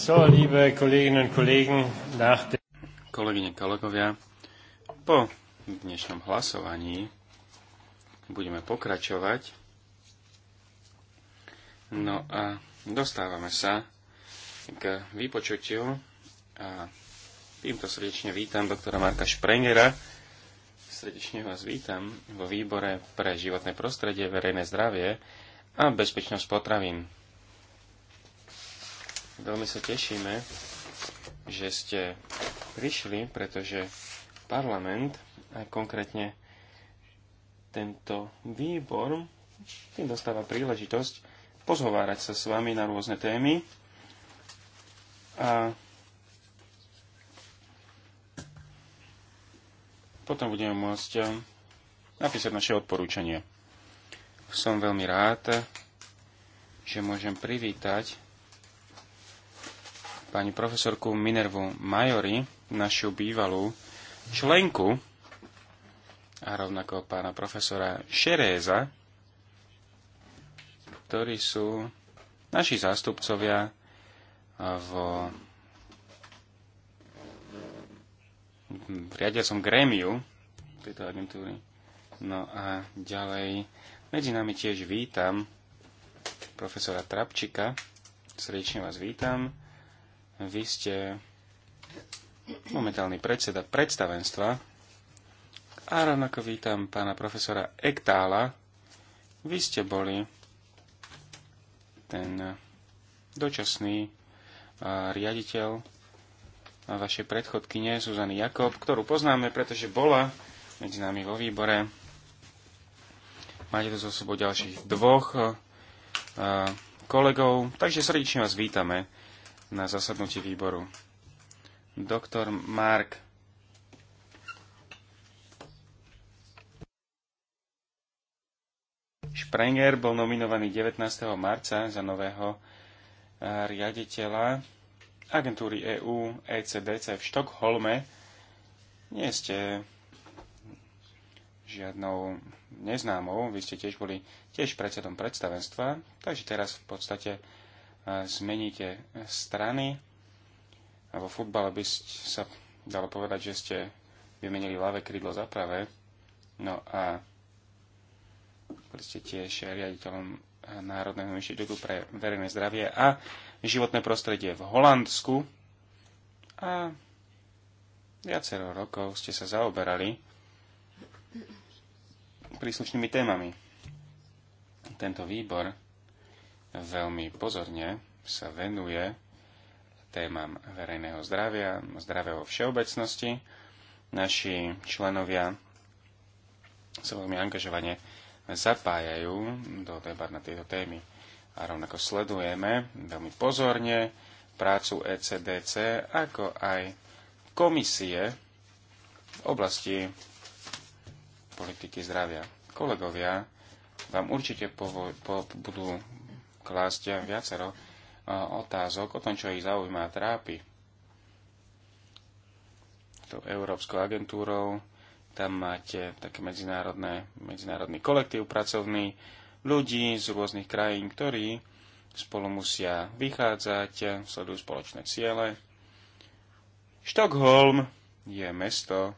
So, liebe Kolleginnen und Kollegen, nach Kolegyne, kolegovia, po dnešnom hlasovaní budeme pokračovať. No a dostávame sa k vypočutiu a týmto srdečne vítam doktora Marka Šprengera. Srdečne vás vítam vo výbore pre životné prostredie, verejné zdravie a bezpečnosť potravín. Veľmi sa tešíme, že ste prišli, pretože parlament a konkrétne tento výbor tým dostáva príležitosť pozhovárať sa s vami na rôzne témy a potom budeme môcť eh, napísať naše odporúčanie. Som veľmi rád, že môžem privítať pani profesorku Minervu Majori, našu bývalú členku a rovnako pána profesora Šeréza, ktorí sú naši zástupcovia v riadiacom grémiu tejto agentúry. No a ďalej medzi nami tiež vítam profesora Trapčika. Srdečne vás vítam. Vy ste momentálny predseda predstavenstva a rovnako vítam pána profesora Ektála. Vy ste boli ten dočasný riaditeľ vašej predchodkyne Suzany Jakob, ktorú poznáme, pretože bola medzi nami vo výbore. Máte tu so sebou ďalších dvoch kolegov, takže srdečne vás vítame na zasadnutí výboru. Doktor Mark Sprenger bol nominovaný 19. marca za nového eh, riaditeľa agentúry EU ECDC v Štokholme. Nie ste žiadnou neznámou, vy ste tiež boli tiež predsedom predstavenstva, takže teraz v podstate zmeníte strany. A vo futbale by sa dalo povedať, že ste vymenili ľavé krídlo za pravé. No a boli ste tiež riaditeľom Národného inštitútu pre verejné zdravie a životné prostredie v Holandsku. A viacero rokov ste sa zaoberali príslušnými témami. Tento výbor veľmi pozorne sa venuje témam verejného zdravia, zdravého všeobecnosti. Naši členovia sa veľmi angažovane zapájajú do debat na tieto témy. A rovnako sledujeme veľmi pozorne prácu ECDC, ako aj komisie v oblasti politiky zdravia. Kolegovia vám určite povo- po- budú klásť viacero eh, otázok o tom, čo ich zaujíma a trápi. Tou Európskou agentúrou tam máte také medzinárodné, medzinárodný kolektív pracovný ľudí z rôznych krajín, ktorí spolu musia vychádzať, sledujú spoločné ciele. Štokholm je mesto,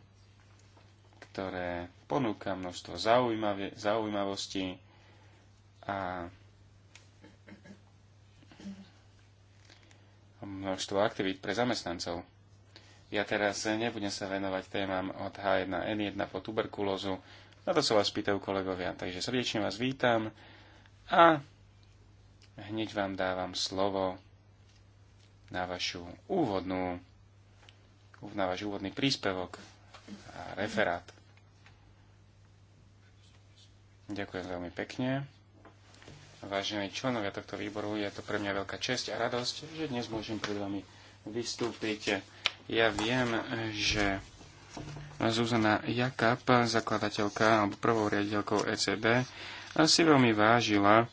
ktoré ponúka množstvo zaujímavostí a množstvo aktivít pre zamestnancov. Ja teraz nebudem sa venovať témam od H1N1 po tuberkulózu. Na to sa vás pýtajú kolegovia. Takže srdečne vás vítam a hneď vám dávam slovo na vašu úvodnú na váš úvodný príspevok a referát. Ďakujem veľmi pekne. Vážení členovia tohto výboru, je to pre mňa veľká česť a radosť, že dnes môžem pred vami vystúpiť. Ja viem, že Zuzana Jakab, zakladateľka alebo prvou riaditeľkou ECB, si veľmi vážila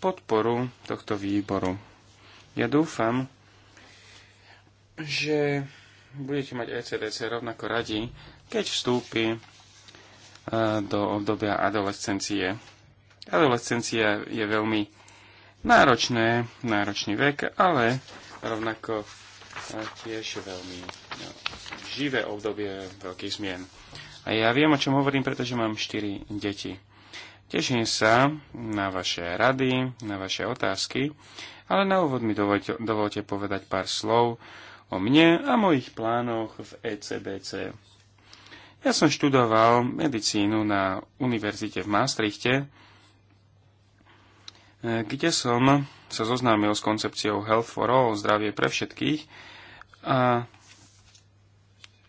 podporu tohto výboru. Ja dúfam, že budete mať ECDC rovnako radi, keď vstúpi eh, do obdobia adolescencie Adolescencia je veľmi náročné, náročný vek, ale rovnako e, tiež veľmi no, živé obdobie veľkých zmien. A ja viem, o čom hovorím, pretože mám 4 deti. Teším sa na vaše rady, na vaše otázky, ale na úvod mi dovolte, dovolte povedať pár slov o mne a mojich plánoch v ECBC. Ja som študoval medicínu na univerzite v Maastrichte kde som sa zoznámil s koncepciou Health for All, zdravie pre všetkých. A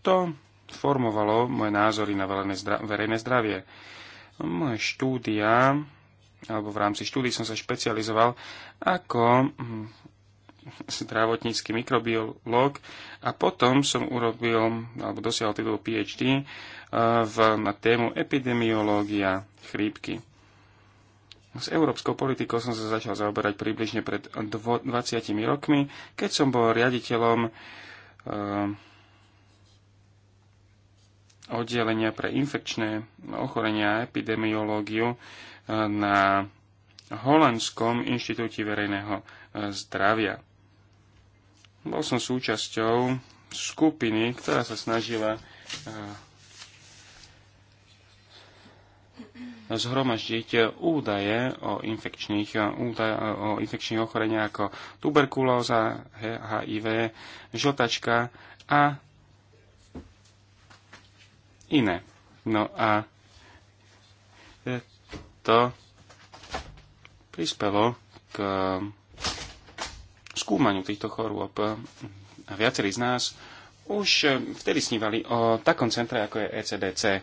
to formovalo moje názory na verejné zdravie. Moje štúdia, alebo v rámci štúdí som sa špecializoval ako hm, zdravotnícky mikrobiológ a potom som urobil, alebo dosiahol titul PhD v, na tému epidemiológia chrípky. S európskou politikou som sa začal zaoberať približne pred 20 rokmi, keď som bol riaditeľom eh, oddelenia pre infekčné ochorenia a epidemiológiu eh, na Holandskom inštitúte verejného eh, zdravia. Bol som súčasťou skupiny, ktorá sa snažila zhromaždiť údaje o infekčných, údaje, o infekčných ochoreniach ako tuberkulóza, HIV, žltačka a iné. No a e, to prispelo k skúmaniu týchto chorôb. A viacerí z nás už eh, vtedy snívali o takom centre, ako je ECDC. Eh,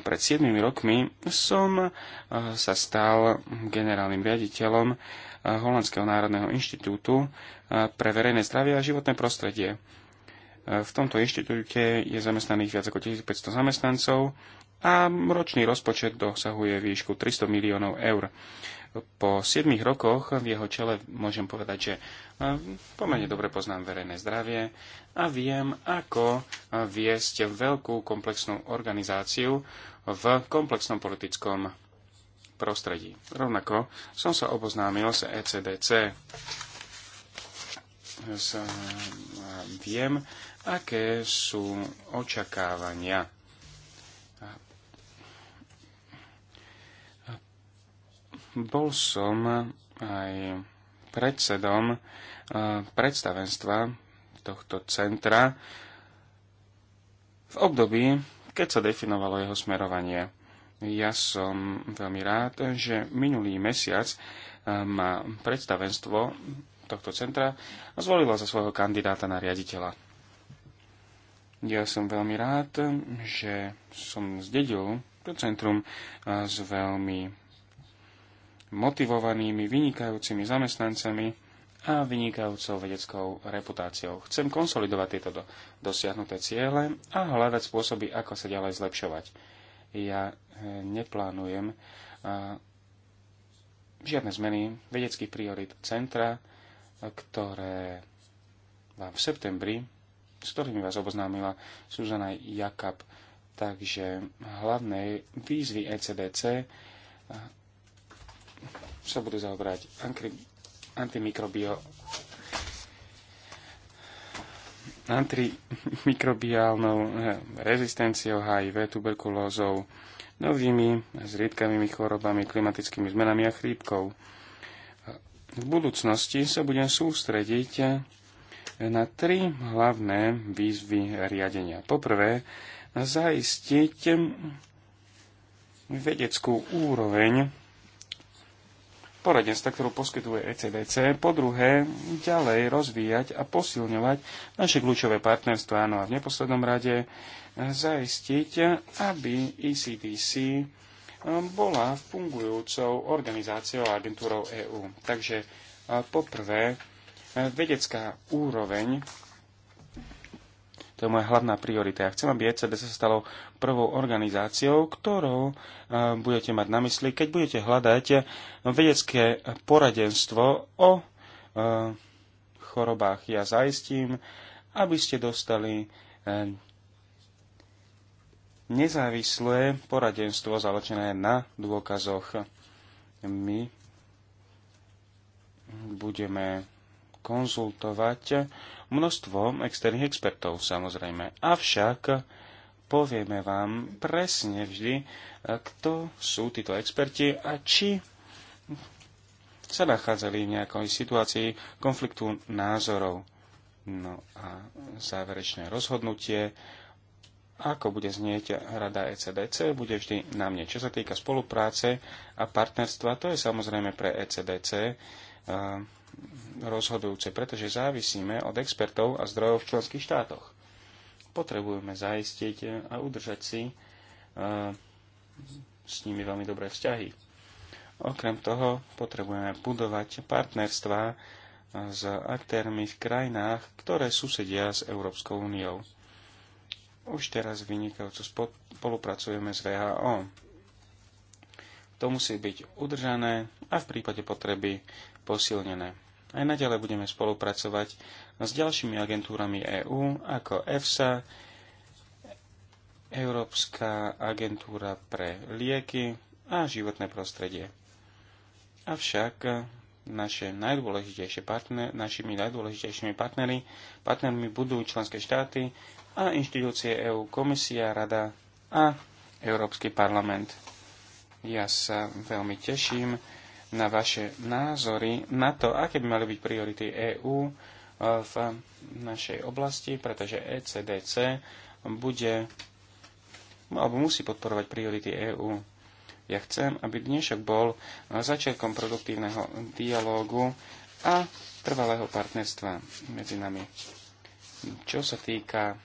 pred 7 rokmi som eh, sa stal generálnym riaditeľom Holandského národného inštitútu pre verejné zdravie a životné prostredie. V tomto inštitúte je zamestnaných viac ako 1500 zamestnancov a ročný rozpočet dosahuje výšku 300 miliónov eur. Po 7 rokoch v jeho čele môžem povedať, že e, pomerne dobre poznám verejné zdravie a viem, ako e, viesť veľkú komplexnú organizáciu v komplexnom politickom prostredí. Rovnako som sa oboznámil s ECDC. E, viem, aké sú očakávania Bol som aj predsedom e, predstavenstva tohto centra v období, keď sa definovalo jeho smerovanie. Ja som veľmi rád, že minulý mesiac e, ma predstavenstvo tohto centra zvolilo za svojho kandidáta na riaditeľa. Ja som veľmi rád, že som zdedil to centrum e, s veľmi motivovanými, vynikajúcimi zamestnancami a vynikajúcou vedeckou reputáciou. Chcem konsolidovať tieto do, dosiahnuté ciele a hľadať spôsoby, ako sa ďalej zlepšovať. Ja e, neplánujem a, e, žiadne zmeny vedeckých priorit centra, e, ktoré vám v septembri, s ktorými vás oboznámila Suzana Jakab. Takže hlavnej výzvy ECDC sa budú zaoberať antimikrobiálnou eh, rezistenciou HIV, tuberkulózou, novými zriedkavými chorobami, klimatickými zmenami a chrípkou. V budúcnosti sa budem sústrediť eh, na tri hlavné výzvy riadenia. Poprvé, zaistiť eh, vedeckú úroveň poradenstva, ktorú poskytuje ECDC, po druhé ďalej rozvíjať a posilňovať naše kľúčové partnerstvo, áno a v neposlednom rade zaistiť, aby ECDC um, bola fungujúcou organizáciou a agentúrou EÚ. Takže poprvé, vedecká úroveň, to je moja hlavná priorita. Ja chcem, aby ECDC sa stalo prvou organizáciou, ktorou e, budete mať na mysli, keď budete hľadať vedecké poradenstvo o e, chorobách. Ja zaistím, aby ste dostali e, nezávislé poradenstvo založené na dôkazoch. My budeme konzultovať množstvo externých expertov, samozrejme. Avšak povieme vám presne vždy, e, kto sú títo experti a či sa nachádzali v nejakej situácii konfliktu názorov. No a záverečné rozhodnutie, ako bude znieť rada ECDC, bude vždy na mne. Čo sa týka spolupráce a partnerstva, to je samozrejme pre ECDC e, rozhodujúce, pretože závisíme od expertov a zdrojov v členských štátoch potrebujeme zaistiť a udržať si e, s nimi veľmi dobré vzťahy. Okrem toho potrebujeme budovať partnerstva e, s aktérmi v krajinách, ktoré susedia s Európskou úniou. Už teraz vynikajúco spolupracujeme s VHO. To musí byť udržané a v prípade potreby posilnené. Aj naďalej budeme spolupracovať s ďalšími agentúrami EÚ ako EFSA, Európska agentúra pre lieky a životné prostredie. Avšak naše najdôležitejšie partner, našimi najdôležitejšími partnery, partnermi budú členské štáty a inštitúcie EÚ, komisia, rada a Európsky parlament. Ja sa veľmi teším na vaše názory na to, aké by mali byť priority EÚ v našej oblasti, pretože ECDC bude alebo musí podporovať priority EÚ. Ja chcem, aby dnešok bol začiatkom produktívneho dialógu a trvalého partnerstva medzi nami. Čo sa týka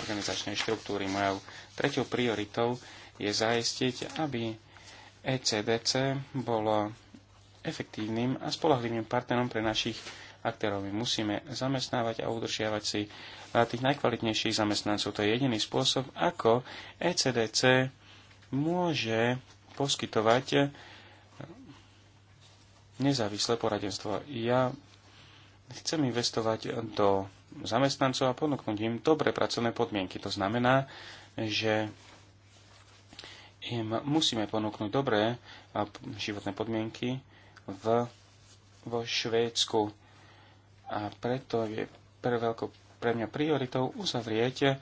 organizačnej štruktúry, mojou tretou prioritou je zaistiť, aby ECDC bolo efektívnym a spolahlivým partnerom pre našich aktérov. My musíme zamestnávať a udržiavať si eh, tých najkvalitnejších zamestnancov. To je jediný spôsob, ako ECDC môže poskytovať eh, nezávislé poradenstvo. Ja chcem investovať do zamestnancov a ponúknuť im dobre pracovné podmienky. To znamená, že im musíme ponúknuť dobré životné podmienky v, vo Švédsku a preto je pre veľkou pre mňa prioritou uzavrieť eh,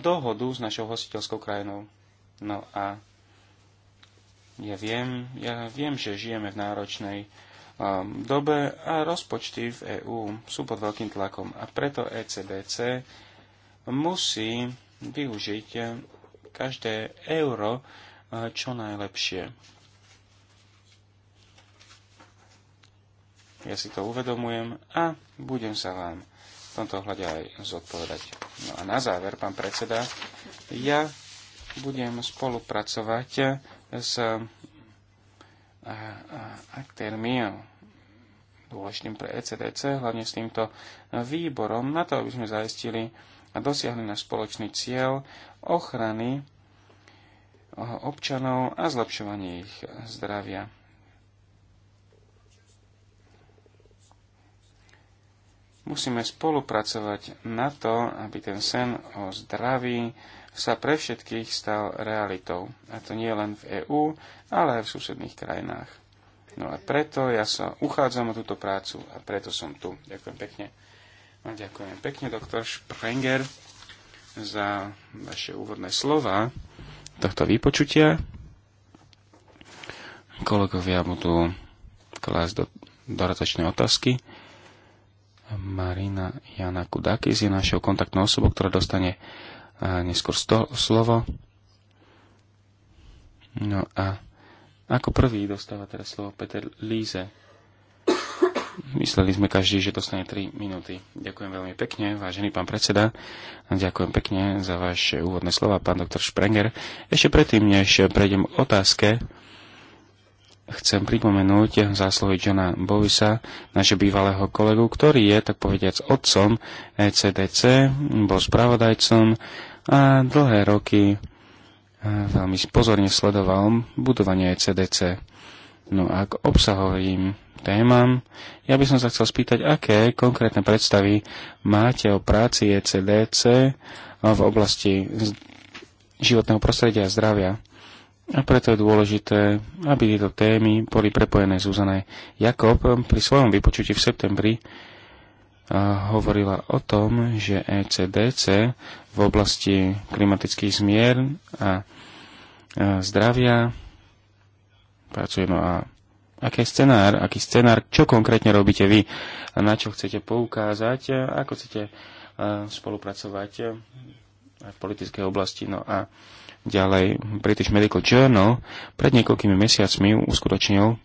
dohodu s našou hostiteľskou krajinou. No a ja viem, ja viem, že žijeme v náročnej um, dobe a rozpočty v EÚ sú pod veľkým tlakom a preto ECDC musí využiť eh, každé euro eh, čo najlepšie. Ja si to uvedomujem a budem sa vám v tomto ohľade aj zodpovedať. No a na záver, pán predseda, ja budem spolupracovať s aktérmi dôležitým pre ECDC, hlavne s týmto výborom, na to, aby sme zaistili a dosiahli náš spoločný cieľ ochrany občanov a zlepšovanie ich zdravia. Musíme spolupracovať na to, aby ten sen o zdraví sa pre všetkých stal realitou. A to nie len v EÚ, ale aj v susedných krajinách. No a preto ja sa uchádzam o túto prácu a preto som tu. Ďakujem pekne. A ďakujem pekne, doktor Sprenger, za vaše úvodné slova tohto vypočutia. Kolegovia budú klásť do dodatočné otázky. Marina Jana Kudakis je našou kontaktnou osobou, ktorá dostane neskôr slovo. No a ako prvý dostáva teraz slovo Peter Líze. Mysleli sme každý, že dostane 3 minúty. Ďakujem veľmi pekne, vážený pán predseda. Ďakujem pekne za vaše úvodné slova, pán doktor Sprenger. Ešte predtým, než prejdem k otázke, chcem pripomenúť zásluhy Johna Bovisa, našeho bývalého kolegu, ktorý je, tak povediac, otcom ECDC, bol spravodajcom a dlhé roky e, veľmi pozorne sledoval budovanie ECDC. No a k obsahovým témam, ja by som sa chcel spýtať, aké konkrétne predstavy máte o práci ECDC v oblasti životného prostredia a zdravia. A preto je dôležité, aby tieto témy boli prepojené. Uzanej. Jakob pri svojom vypočutí v septembri hovorila o tom, že ECDC v oblasti klimatických zmier a zdravia pracujeme no a aký scenár, aký scenár, čo konkrétne robíte vy, na čo chcete poukázať, ako chcete spolupracovať aj v politickej oblasti. No a Ďalej, British Medical Journal pred niekoľkými mesiacmi uskutočnil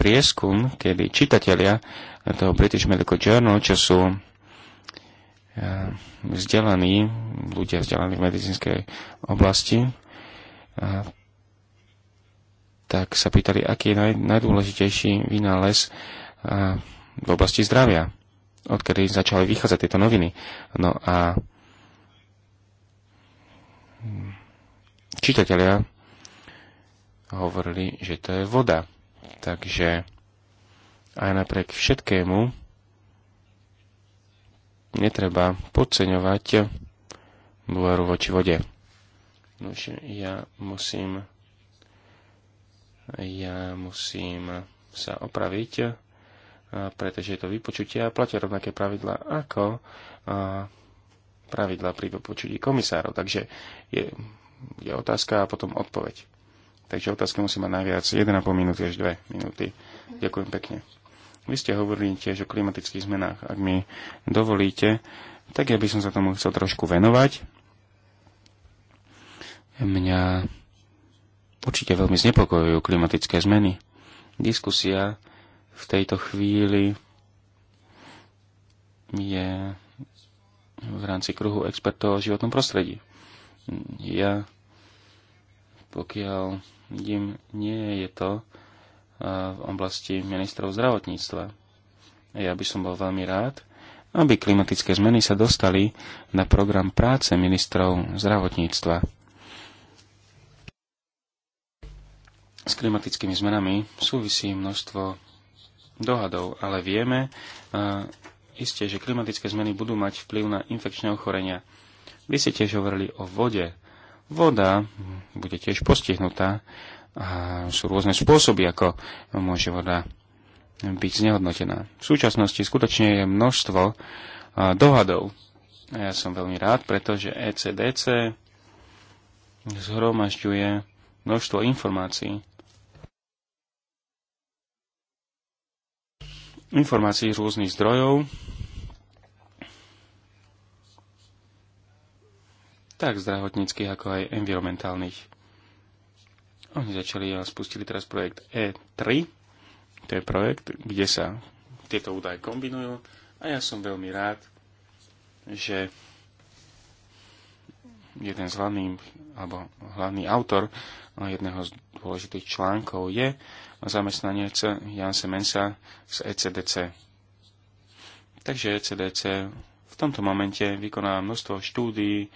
prieskum, kedy čitatelia toho British Medical Journal, čo sú eh, vzdelaní, ľudia vzdelaní v medicínskej oblasti, eh, tak sa pýtali, aký je naj, najdôležitejší vynález eh, v oblasti zdravia, odkedy začali vychádzať tieto noviny. No a hm, čitatelia hovorili, že to je voda. Takže aj napriek všetkému netreba podceňovať dôveru voči vode. Nož ja musím ja musím sa opraviť, pretože to vypočutie a platia rovnaké pravidla ako pravidla pri vypočutí komisárov. Takže je, bude otázka a potom odpoveď. Takže otázka musí mať najviac 1,5 minúty až 2 minúty. Ďakujem pekne. Vy ste hovorili tiež o klimatických zmenách. Ak mi dovolíte, tak ja by som sa tomu chcel trošku venovať. Mňa určite veľmi znepokojujú klimatické zmeny. Diskusia v tejto chvíli je v rámci kruhu expertov o životnom prostredí. Ja, pokiaľ vidím, nie je to v oblasti ministrov zdravotníctva. Ja by som bol veľmi rád, aby klimatické zmeny sa dostali na program práce ministrov zdravotníctva. S klimatickými zmenami súvisí množstvo dohadov, ale vieme, isté, že klimatické zmeny budú mať vplyv na infekčné ochorenia. Vy ste tiež hovorili o vode. Voda bude tiež postihnutá a sú rôzne spôsoby, ako môže voda byť znehodnotená. V súčasnosti skutočne je množstvo dohadov. A ja som veľmi rád, pretože ECDC zhromažďuje množstvo informácií. Informácií z rôznych zdrojov, tak zdravotníckých, ako aj environmentálnych. Oni začali a spustili teraz projekt E3. To je projekt, kde sa tieto údaje kombinujú a ja som veľmi rád, že jeden z hlavných, alebo hlavný autor jedného z dôležitých článkov je zamestnanec Jan Semensa z ECDC. Takže ECDC v tomto momente vykonáva množstvo štúdií,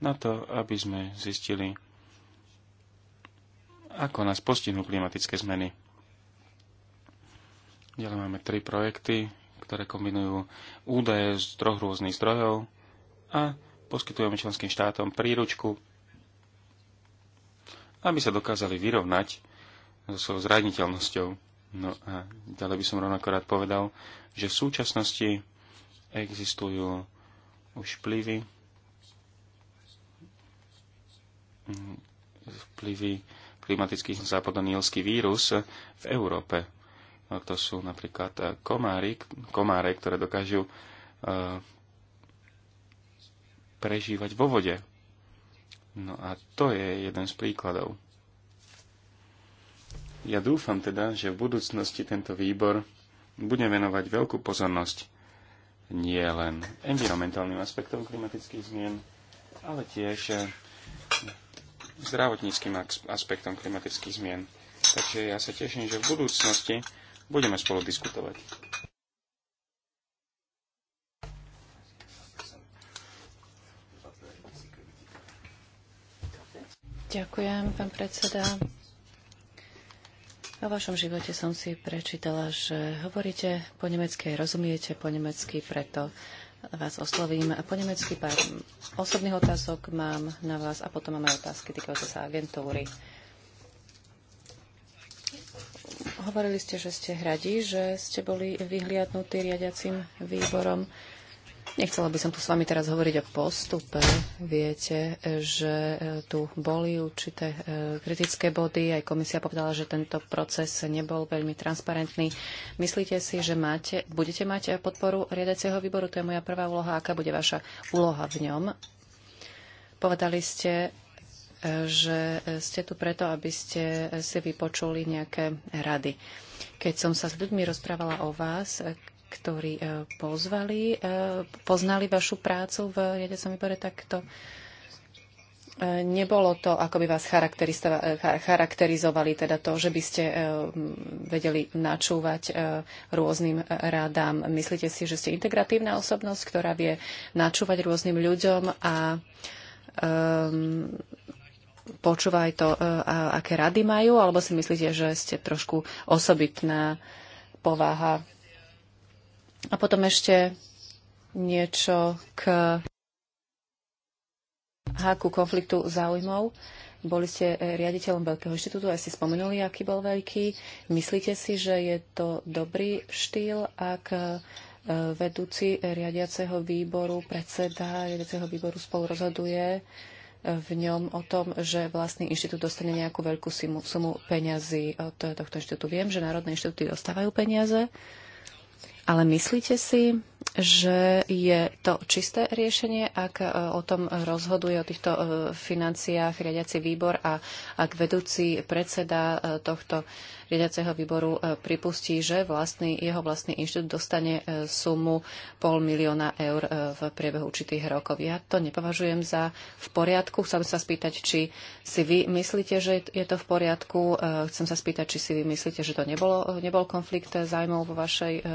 na to, aby sme zistili, ako nás postihnú klimatické zmeny. Ďalej máme tri projekty, ktoré kombinujú údaje z troch rôznych zdrojov a poskytujeme členským štátom príručku, aby sa dokázali vyrovnať so svojou zraniteľnosťou. No a ďalej by som rovnako rád povedal, že v súčasnosti existujú už plivy, vplyvy klimatických západonílsky vírus v Európe. To sú napríklad eh, komári, komáre, ktoré dokážu eh, prežívať vo vode. No a to je jeden z príkladov. Ja dúfam teda, že v budúcnosti tento výbor bude venovať veľkú pozornosť nie len environmentálnym aspektom klimatických zmien, ale tiež eh, zdravotníckým aspektom klimatických zmien. Takže ja sa teším, že v budúcnosti budeme spolu diskutovať. Ďakujem, pán predseda. O vašom živote som si prečítala, že hovoríte po nemecky, rozumiete po nemecky, preto vás oslovím po nemecky. Pár osobných otázok mám na vás a potom máme otázky týkajúce sa agentúry. Hovorili ste, že ste hradi, že ste boli vyhliadnutí riadiacim výborom. Nechcela by som tu s vami teraz hovoriť o postupe. Viete, že e, tu boli určité e, kritické body. Aj komisia povedala, že tento proces nebol veľmi transparentný. Myslíte si, že máte, budete mať e, podporu riadeceho výboru? To je moja prvá úloha. Aká bude vaša úloha v ňom? Povedali ste, že ste tu preto, aby ste si vypočuli nejaké rady. Keď som sa s ľuďmi rozprávala o vás, ktorí e, pozvali, e, poznali vašu prácu v riadiacom výbore, tak to e, Nebolo to, ako by vás charakterizovali, teda to, že by ste vedeli načúvať rôznym rádám. Myslíte si, že ste integratívna osobnosť, ktorá vie načúvať rôznym ľuďom a um, počúva aj to, aké rady majú, alebo si myslíte, že ste trošku osobitná povaha? A potom ešte niečo k háku konfliktu záujmov. Boli ste eh, riaditeľom Veľkého inštitútu, aj ste spomenuli, aký bol veľký. Myslíte si, že je to dobrý štýl, ak eh, vedúci riadiaceho výboru, predseda riadiaceho výboru spolu rozhoduje eh, v ňom o tom, že vlastný inštitút dostane nejakú veľkú sumu, sumu peňazí od tohto inštitútu. Viem, že národné inštitúty dostávajú peniaze, ale myslíte si, že je to čisté riešenie, ak e, o tom rozhoduje o týchto e, financiách riadiaci výbor a ak vedúci predseda e, tohto riadiaceho výboru pripustí, že vlastný, jeho vlastný inštitút dostane sumu pol milióna eur v priebehu určitých rokov. Ja to nepovažujem za v poriadku. Chcem sa spýtať, či si vy myslíte, že je to v poriadku. Chcem sa spýtať, či si vy myslíte, že to nebolo, nebol konflikt zájmov vo vašej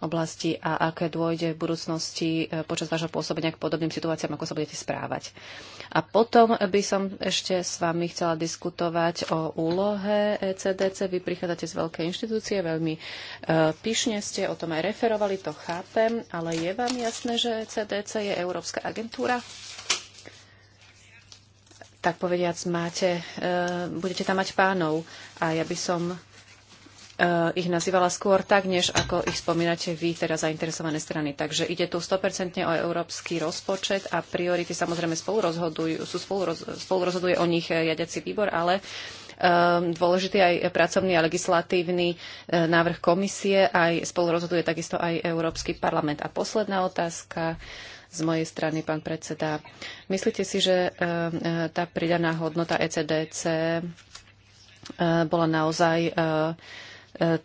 oblasti a aké dôjde v budúcnosti e, počas vášho pôsobenia k podobným situáciám, ako sa budete správať. A potom by som ešte s vami chcela diskutovať o úlohe ECDC. Vy prichádzate z veľkej inštitúcie, veľmi e, pyšne ste o tom aj referovali, to chápem, ale je vám jasné, že ECDC je Európska agentúra? tak povediac máte, e, budete tam mať pánov. A ja by som Eh, ich nazývala skôr tak, než ako ich spomínate vy, teda zainteresované strany. Takže ide tu 100% o európsky rozpočet a priority samozrejme spolu rozhodujú, sú spolu, spolu rozhoduje o nich eh, jadiaci výbor, ale eh, dôležitý aj pracovný a legislatívny návrh komisie, aj spolu rozhoduje takisto aj Európsky parlament. A posledná otázka z mojej strany, pán predseda. Myslíte si, že tá pridaná hodnota ECDC bola naozaj uh,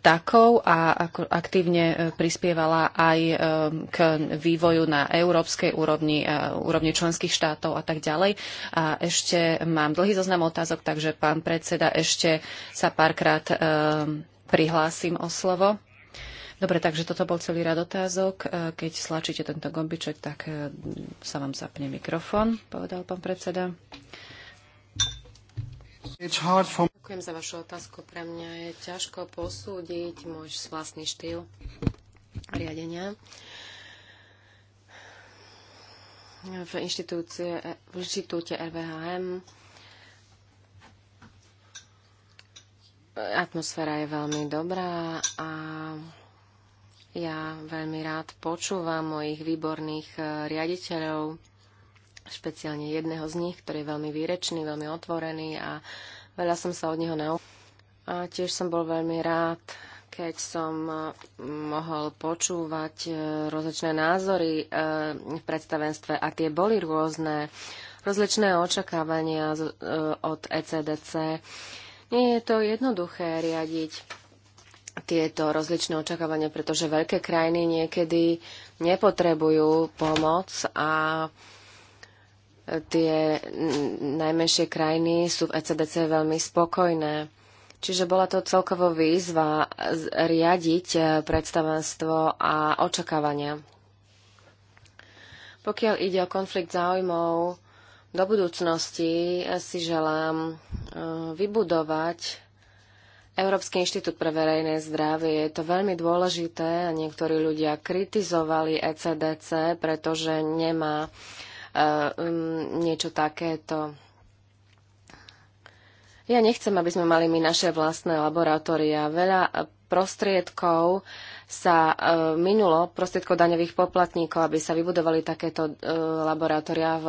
takou a aktívne e, prispievala aj e, k vývoju na európskej úrovni, e, úrovni členských štátov a tak ďalej. A ešte mám dlhý zoznam otázok, takže pán predseda, ešte sa párkrát prihlásim o slovo. Dobre, takže toto bol celý rad otázok. Keď slačíte tento gombiček, tak sa vám zapne mikrofón, povedal pán predseda. For... Ďakujem za vašu otázku. Pre mňa je ťažko posúdiť môj vlastný štýl riadenia v, v inštitúte RVHM. Atmosféra je veľmi dobrá a ja veľmi rád počúvam mojich výborných e, riaditeľov, špeciálne jedného z nich, ktorý je veľmi výrečný, veľmi otvorený a Veľa som sa od neho naučil. A tiež som bol veľmi rád, keď som e, mohol počúvať e, rozličné názory e, v predstavenstve a tie boli rôzne, rozličné očakávania od ECDC. Nie je to jednoduché riadiť tieto rozličné očakávania, pretože veľké krajiny niekedy nepotrebujú pomoc a tie najmenšie krajiny sú v ECDC veľmi spokojné. Čiže bola to celkovo výzva riadiť eh, predstavenstvo a očakávania. Pokiaľ ide o konflikt záujmov, do budúcnosti eh, si želám eh, vybudovať Európsky inštitút pre verejné zdravie je to veľmi dôležité a niektorí ľudia kritizovali ECDC, pretože nemá Eh, um, niečo takéto. Ja nechcem, aby sme mali my naše vlastné laboratória. Veľa eh, prostriedkov sa eh, minulo, prostriedkov daňových poplatníkov, aby sa vybudovali takéto laboratória v,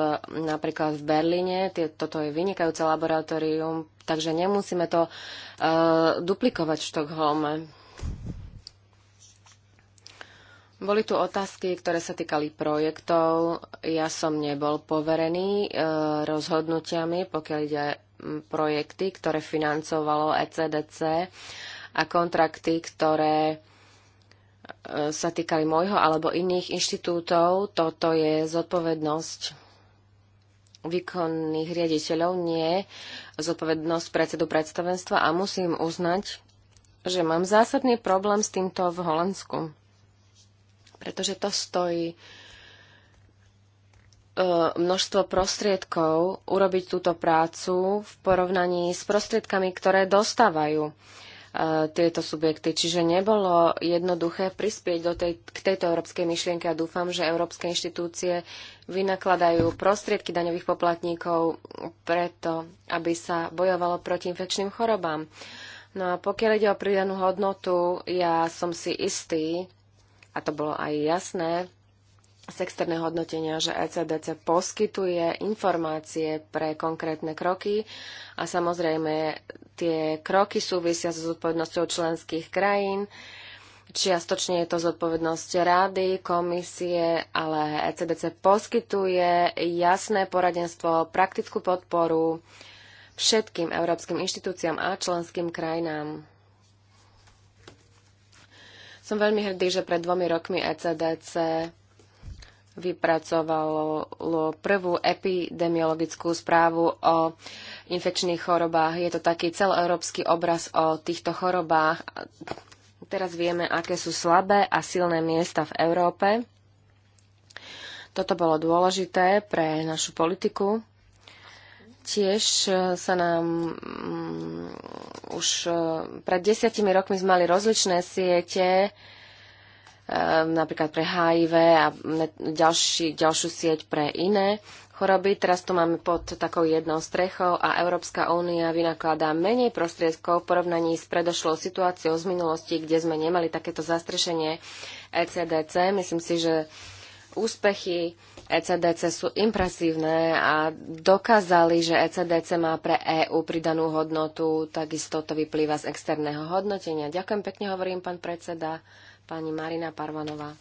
napríklad v Berlíne. Toto je vynikajúce laboratórium, takže nemusíme to duplikovať v Štokholme. Boli tu otázky, ktoré sa týkali projektov. Ja som nebol poverený e, rozhodnutiami, pokiaľ ide projekty, ktoré financovalo ECDC a kontrakty, ktoré e, sa týkali môjho alebo iných inštitútov. Toto je zodpovednosť výkonných riaditeľov, nie zodpovednosť predsedu predstavenstva a musím uznať, že mám zásadný problém s týmto v Holandsku pretože to stojí e, množstvo prostriedkov urobiť túto prácu v porovnaní s prostriedkami, ktoré dostávajú e, tieto subjekty. Čiže nebolo jednoduché prispieť do tej, k tejto európskej myšlienke a dúfam, že európske inštitúcie vynakladajú prostriedky daňových poplatníkov preto, aby sa bojovalo proti infekčným chorobám. No a pokiaľ ide o pridanú hodnotu, ja som si istý, a to bolo aj jasné z externého hodnotenia, že ECDC poskytuje informácie pre konkrétne kroky a samozrejme tie kroky súvisia so zodpovednosťou členských krajín. Čiastočne je to zodpovednosť rády, komisie, ale ECDC poskytuje jasné poradenstvo, praktickú podporu všetkým európskym inštitúciám a členským krajinám. Som veľmi hrdý, že pred dvomi rokmi ECDC vypracovalo prvú epidemiologickú správu o infekčných chorobách. Je to taký celoeurópsky obraz o týchto chorobách. Teraz vieme, aké sú slabé a silné miesta v Európe. Toto bolo dôležité pre našu politiku. Tiež e, sa nám mm, už e, pred desiatimi rokmi sme mali rozličné siete, e, napríklad pre HIV a ďalší, ďalšiu sieť pre iné choroby. Teraz to máme pod takou jednou strechou a Európska únia vynakladá menej prostriedkov v porovnaní s predošlou situáciou z minulosti, kde sme nemali takéto zastrešenie ECDC. Myslím si, že úspechy ECDC sú impresívne a dokázali, že ECDC má pre EÚ pridanú hodnotu, takisto to vyplýva z externého hodnotenia. Ďakujem pekne, hovorím pán predseda, pani Marina Parvanová.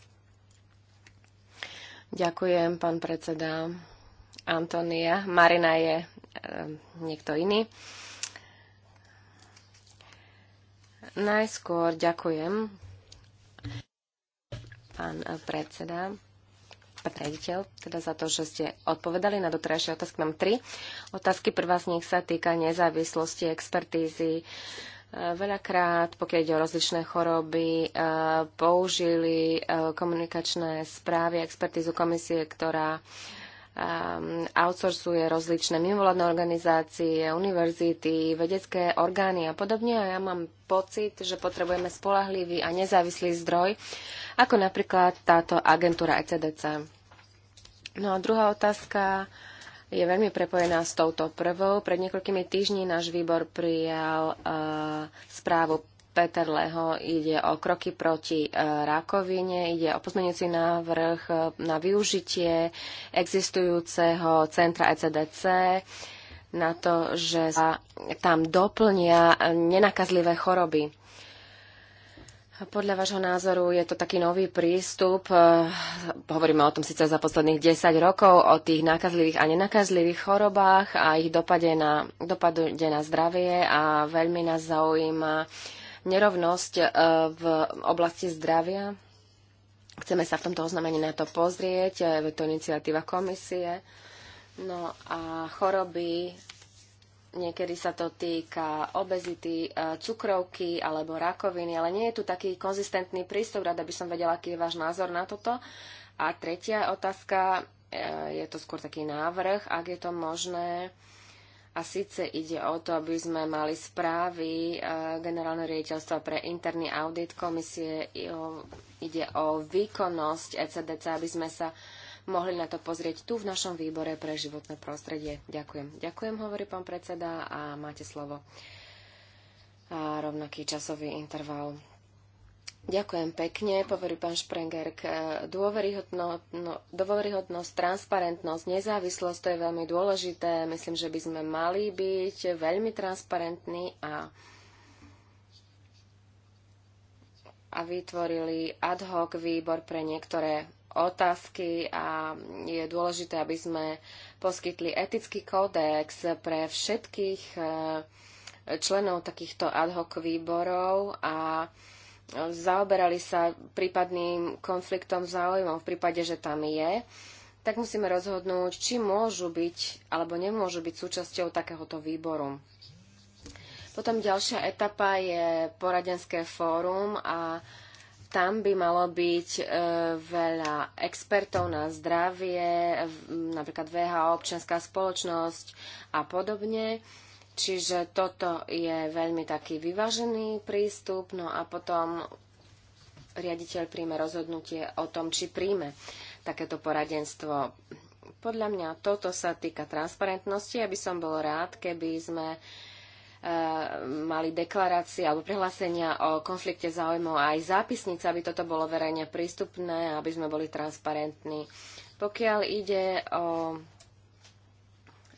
Ďakujem, pán predseda Antonia. Marina je e, niekto iný. Najskôr ďakujem, pán predseda pán teda za to, že ste odpovedali na doterajšie otázky. Mám tri otázky. Prvá z nich sa týka nezávislosti, expertízy. E, veľakrát, pokiaľ ide o rozličné choroby, e, použili e, komunikačné správy, expertízu komisie, ktorá outsourcuje rozličné mimovládne organizácie, univerzity, vedecké orgány a podobne. A ja mám pocit, že potrebujeme spolahlivý a nezávislý zdroj, ako napríklad táto agentúra ECDC. No a druhá otázka je veľmi prepojená s touto prvou. Pred niekoľkými týždňmi náš výbor prijal uh, správu Peter Leho. Ide o kroky proti uh, rakovine, ide o pozmenujúci návrh uh, na využitie existujúceho centra ECDC na to, že sa tam doplnia nenakazlivé choroby podľa vášho názoru je to taký nový prístup. Eh, hovoríme o tom síce za posledných 10 rokov, o tých nákazlivých a nenakazlivých chorobách a ich dopade na, dopade na zdravie a veľmi nás zaujíma nerovnosť eh, v oblasti zdravia. Chceme sa v tomto oznámení na to pozrieť, eh, je to iniciatíva komisie. No a choroby Niekedy sa to týka obezity, e, cukrovky alebo rakoviny, ale nie je tu taký konzistentný prístup. Rada by som vedela, aký je váš názor na toto. A tretia otázka, e, je to skôr taký návrh, ak je to možné. A síce ide o to, aby sme mali správy e, generálneho riaditeľstva pre interný audit komisie. Ide o výkonnosť ECDC, aby sme sa mohli na to pozrieť tu v našom výbore pre životné prostredie. Ďakujem. Ďakujem, hovorí pán predseda a máte slovo. A rovnaký časový interval. Ďakujem pekne, poverí pán Šprenger. E, dôveryhodno, no, dôveryhodnosť, transparentnosť, nezávislosť, to je veľmi dôležité. Myslím, že by sme mali byť veľmi transparentní a a vytvorili ad hoc výbor pre niektoré otázky a je dôležité, aby sme poskytli etický kódex pre všetkých eh, členov takýchto ad hoc výborov a zaoberali sa prípadným konfliktom záujmov v prípade, že tam je tak musíme rozhodnúť, či môžu byť alebo nemôžu byť súčasťou takéhoto výboru. Potom ďalšia etapa je poradenské fórum a tam by malo byť e, veľa expertov na zdravie, napríklad VHO, občianská spoločnosť a podobne. Čiže toto je veľmi taký vyvážený prístup, no a potom riaditeľ príjme rozhodnutie o tom, či príjme takéto poradenstvo. Podľa mňa toto sa týka transparentnosti, aby som bol rád, keby sme Eh, mali deklarácie alebo prihlásenia o konflikte záujmov a aj zápisnice, aby toto bolo verejne prístupné, aby sme boli transparentní. Pokiaľ ide o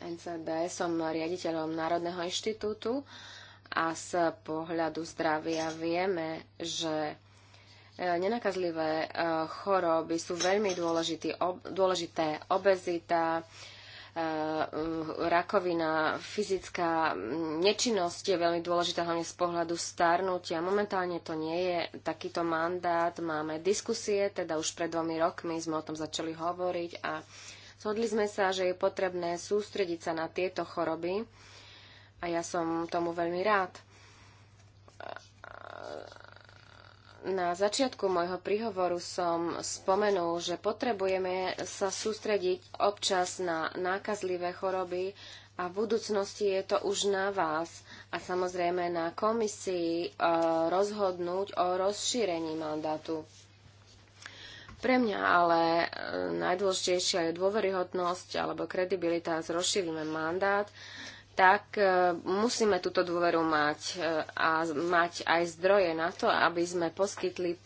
NCB, som riaditeľom Národného inštitútu a z pohľadu zdravia vieme, že eh, nenakazlivé eh, choroby sú veľmi dôležité, obezita, Eh, rakovina, fyzická nečinnosť je veľmi dôležitá hlavne z pohľadu starnutia. Momentálne to nie je takýto mandát. Máme diskusie, teda už pred dvomi rokmi sme o tom začali hovoriť a zhodli sme sa, že je potrebné sústrediť sa na tieto choroby a ja som tomu veľmi rád na začiatku môjho príhovoru som spomenul, že potrebujeme sa sústrediť občas na nákazlivé choroby a v budúcnosti je to už na vás a samozrejme na komisii e, rozhodnúť o rozšírení mandátu. Pre mňa ale e, najdôležitejšia je dôveryhodnosť alebo kredibilita s rozšírením mandát tak e, musíme túto dôveru mať e, a mať aj zdroje na to, aby sme poskytli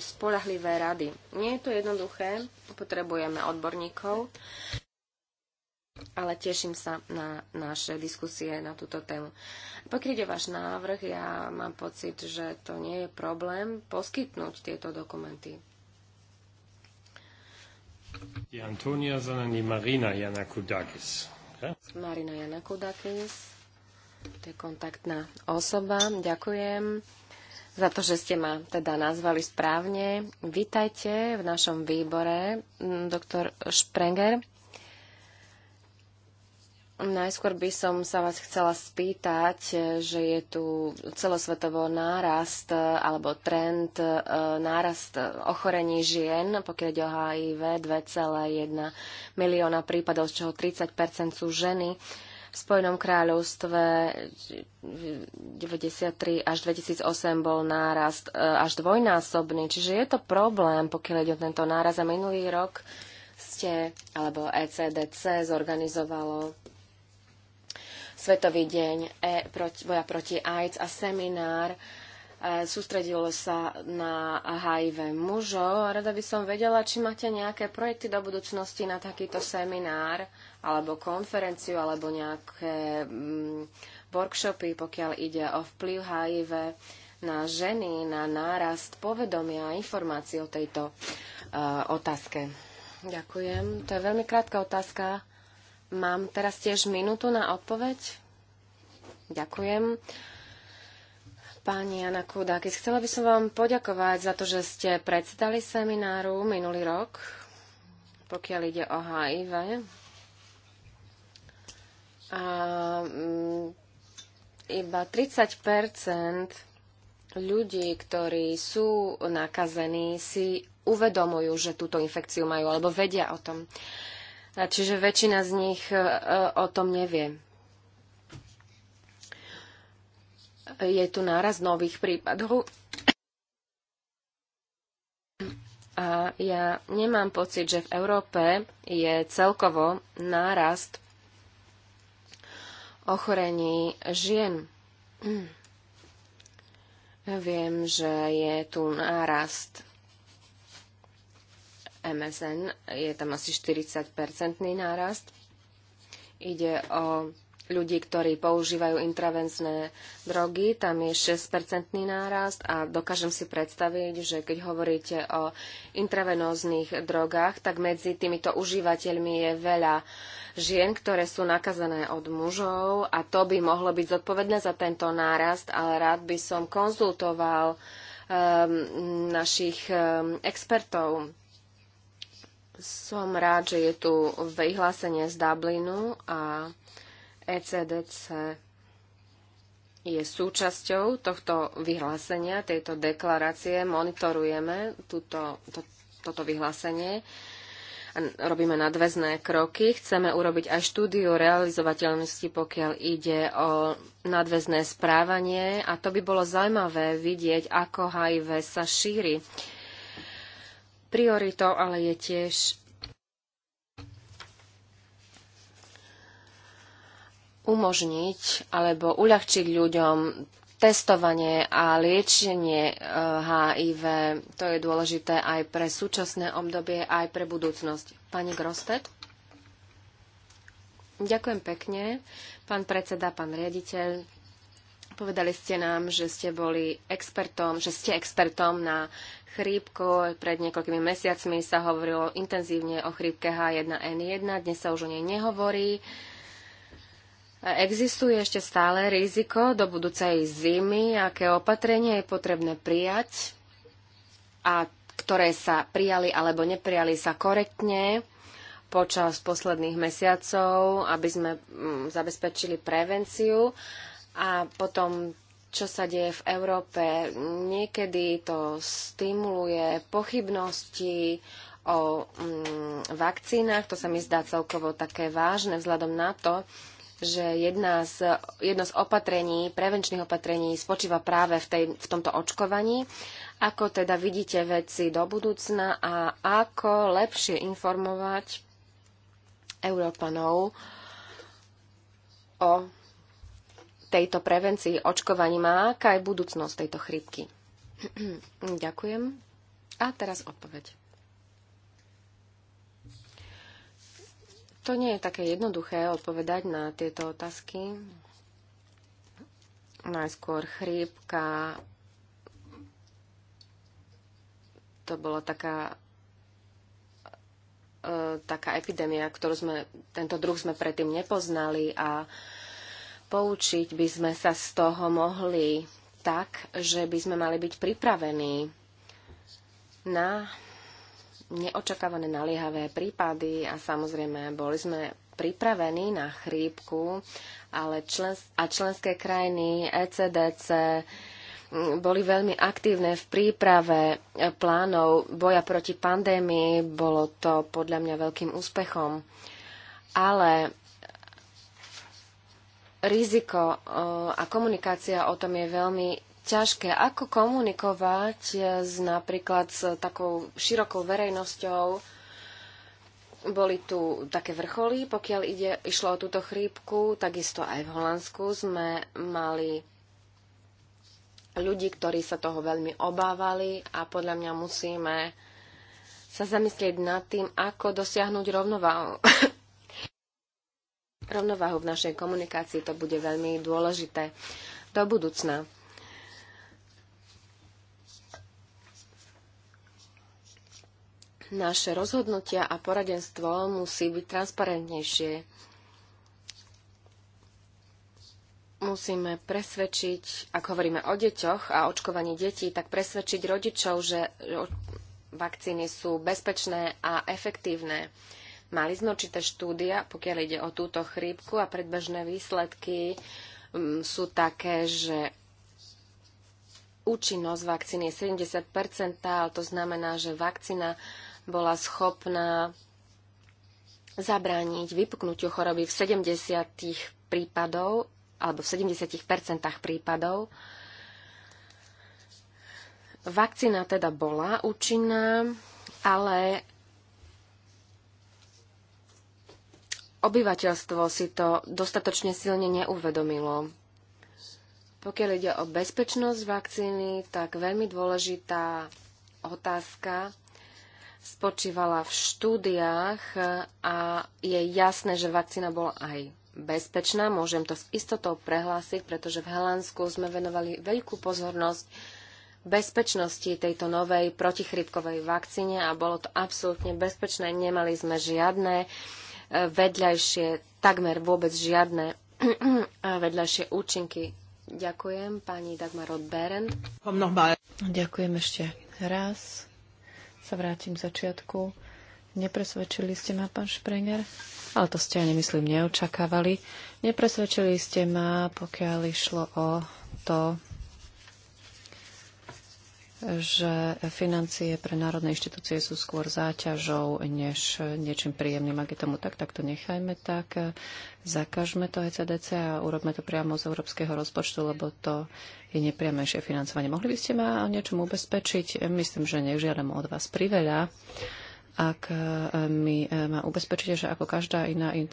spolahlivé rady. Nie je to jednoduché, potrebujeme odborníkov, ale teším sa na naše diskusie na túto tému. Pokiaľ ide váš návrh, ja mám pocit, že to nie je problém poskytnúť tieto dokumenty. Die Antonia, sondern die Marina Janakudakis. Marina Jana Kudakis, to je kontaktná osoba. Ďakujem za to, že ste ma teda nazvali správne. Vítajte v našom výbore, doktor Sprenger. Najskôr by som sa vás chcela spýtať, že je tu celosvetovo nárast e, alebo trend e, nárast e, ochorení žien, pokiaľ ide o HIV, 2,1 milióna prípadov, z čoho 30 sú ženy. V Spojenom kráľovstve 93 až 2008 bol nárast až dvojnásobný, čiže je to problém, pokiaľ ide o tento náraz. A minulý rok ste, alebo ECDC zorganizovalo Svetový deň e, proti, boja proti AIDS a seminár e, sústredilo sa na HIV mužov. Rada by som vedela, či máte nejaké projekty do budúcnosti na takýto seminár alebo konferenciu alebo nejaké mm, workshopy, pokiaľ ide o vplyv HIV na ženy, na nárast povedomia a informácií o tejto uh, otázke. Ďakujem. To je veľmi krátka otázka. Mám teraz tiež minútu na odpoveď. Ďakujem. Pani Jana Kudákis, chcela by som vám poďakovať za to, že ste predsedali semináru minulý rok, pokiaľ ide o HIV. A mm, iba 30 ľudí, ktorí sú nakazení, si uvedomujú, že túto infekciu majú alebo vedia o tom. Čiže väčšina z nich e, e, o tom nevie. Je tu náraz nových prípadov. A ja nemám pocit, že v Európe je celkovo nárast ochorení žien. Viem, že je tu nárast MSN. Je tam asi 40-percentný nárast. Ide o ľudí, ktorí používajú intravenzné drogy, tam je 6-percentný nárast a dokážem si predstaviť, že keď hovoríte o intravenóznych drogách, tak medzi týmito užívateľmi je veľa žien, ktoré sú nakazané od mužov a to by mohlo byť zodpovedné za tento nárast, ale rád by som konzultoval um, našich um, expertov som rád, že je tu vyhlásenie z Dublinu a ECDC je súčasťou tohto vyhlásenia, tejto deklarácie. Monitorujeme túto, to, toto vyhlásenie a robíme nadväzné kroky. Chceme urobiť aj štúdiu realizovateľnosti, pokiaľ ide o nadväzné správanie a to by bolo zaujímavé vidieť, ako HIV sa šíri prioritou, ale je tiež umožniť alebo uľahčiť ľuďom testovanie a liečenie HIV. Eh, to je dôležité aj pre súčasné obdobie, aj pre budúcnosť. Pani Grostet? Ďakujem pekne, pán predseda, pán riaditeľ. Povedali ste nám, že ste boli expertom, že ste expertom na chrípku. Pred niekoľkými mesiacmi sa hovorilo intenzívne o chrípke H1N1, dnes sa už o nej nehovorí. Existuje ešte stále riziko do budúcej zimy, aké opatrenie je potrebné prijať a ktoré sa prijali alebo neprijali sa korektne počas posledných mesiacov, aby sme mm, zabezpečili prevenciu a potom, čo sa deje v Európe, niekedy to stimuluje pochybnosti o mm, vakcínach. To sa mi zdá celkovo také vážne vzhľadom na to, že jedna z, jedno z opatrení, prevenčných opatrení spočíva práve v, tej, v tomto očkovaní. Ako teda vidíte veci do budúcna a ako lepšie informovať Európanov o tejto prevencii očkovaní má, aká je budúcnosť tejto chrypky? Ďakujem. A teraz odpoveď. To nie je také jednoduché odpovedať na tieto otázky. Najskôr chrípka. To bola taká e, taká epidémia, ktorú sme, tento druh sme predtým nepoznali a poučiť by sme sa z toho mohli tak, že by sme mali byť pripravení na neočakávané naliehavé prípady a samozrejme boli sme pripravení na chrípku, ale člen, a členské krajiny ECDC boli veľmi aktívne v príprave plánov boja proti pandémii. Bolo to podľa mňa veľkým úspechom. Ale riziko a komunikácia o tom je veľmi ťažké. Ako komunikovať e, s, napríklad s takou širokou verejnosťou? Boli tu také vrcholy, pokiaľ ide, išlo o túto chrípku, takisto aj v Holandsku sme mali ľudí, ktorí sa toho veľmi obávali a podľa mňa musíme sa zamyslieť nad tým, ako dosiahnuť rovnováhu rovnováhu v našej komunikácii. To bude veľmi dôležité do budúcna. Naše rozhodnutia a poradenstvo musí byť transparentnejšie. Musíme presvedčiť, ak hovoríme o deťoch a očkovaní detí, tak presvedčiť rodičov, že vakcíny sú bezpečné a efektívne Mali sme určité štúdia, pokiaľ ide o túto chrípku a predbežné výsledky um, sú také, že účinnosť vakcíny je 70%, ale to znamená, že vakcína bola schopná zabrániť vypuknutiu choroby v 70 prípadov alebo v 70% prípadov. Vakcína teda bola účinná, ale obyvateľstvo si to dostatočne silne neuvedomilo. Pokiaľ ide o bezpečnosť vakcíny, tak veľmi dôležitá otázka spočívala v štúdiách a je jasné, že vakcína bola aj bezpečná. Môžem to s istotou prehlásiť, pretože v Helánsku sme venovali veľkú pozornosť bezpečnosti tejto novej protichrypkovej vakcíne a bolo to absolútne bezpečné. Nemali sme žiadne uh, vedľajšie, takmer vôbec žiadne vedľajšie účinky. Ďakujem pani Dagmar od Berend. Ďakujem ešte raz. Sa vrátim k začiatku. Nepresvedčili ste ma, pán Šprenger, ale to ste, ani, nemyslím, neočakávali. Nepresvedčili ste ma, pokiaľ išlo o to, že financie pre národné inštitúcie sú skôr záťažou než niečím príjemným. Ak je tomu tak, tak to nechajme tak. Zakažme to ECDC a urobme to priamo z európskeho rozpočtu, lebo to je nepriamejšie financovanie. Mohli by ste ma o niečom ubezpečiť? Myslím, že nežiadam od vás priveľa ak mi e, má e, ubezpečíte, že ako každá iná e,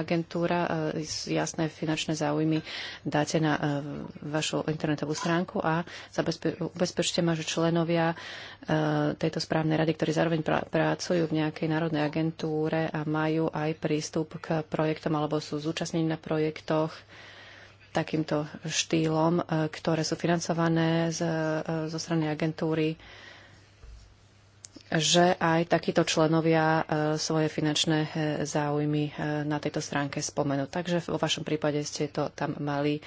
agentúra jasné finančné záujmy dáte na vašu internetovú stránku a ubezpečte ma, že členovia tejto správnej rady, ktorí zároveň pracujú v nejakej národnej agentúre a majú aj prístup k projektom alebo sú zúčastnení na projektoch, takýmto štýlom, ktoré sú financované z, zo strany agentúry, že aj takíto členovia e, svoje finančné e, záujmy e, na tejto stránke spomenú. Takže vo vašom prípade ste to tam mali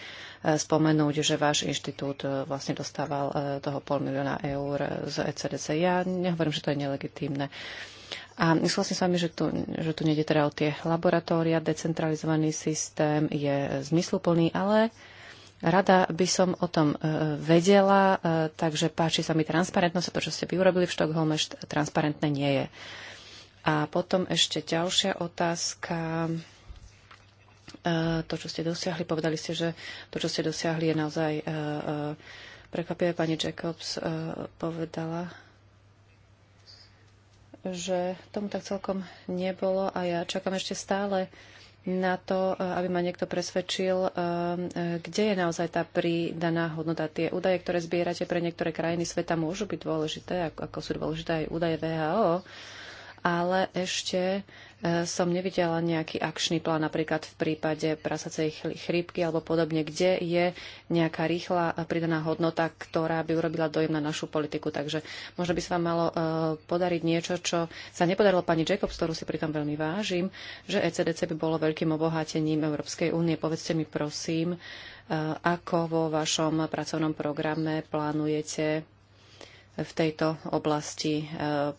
spomenúť, že váš inštitút vlastne dostával toho pol milióna eur z ECDC. Ja nehovorím, že to je nelegitímne. A súhlasím s vami, že tu, že tu nejde teda o tie laboratória, decentralizovaný systém je zmysluplný, ale Rada by som o tom e, vedela, e, takže páči sa mi transparentnosť, to, čo ste vy urobili v Štokholme, transparentné nie je. A potom ešte ďalšia otázka. E, to, čo ste dosiahli, povedali ste, že to, čo ste dosiahli, je naozaj prekvapivé. Pani Jacobs povedala, že tomu tak celkom nebolo a ja čakám ešte stále na to, e, aby ma niekto presvedčil, e, e, kde je naozaj tá pridaná hodnota. Tie údaje, ktoré zbierate pre niektoré krajiny sveta, môžu byť dôležité, ako sú dôležité aj údaje VHO, ale ešte E, som nevidela nejaký akčný plán, napríklad v prípade prasacej chrípky alebo podobne, kde je nejaká rýchla pridaná hodnota, ktorá by urobila dojem na našu politiku. Takže možno by sa vám malo e, podariť niečo, čo sa nepodarilo pani Jacobs, ktorú si pritom veľmi vážim, že ECDC by bolo veľkým obohatením Európskej únie. Povedzte mi prosím, e, ako vo vašom pracovnom programe plánujete v tejto oblasti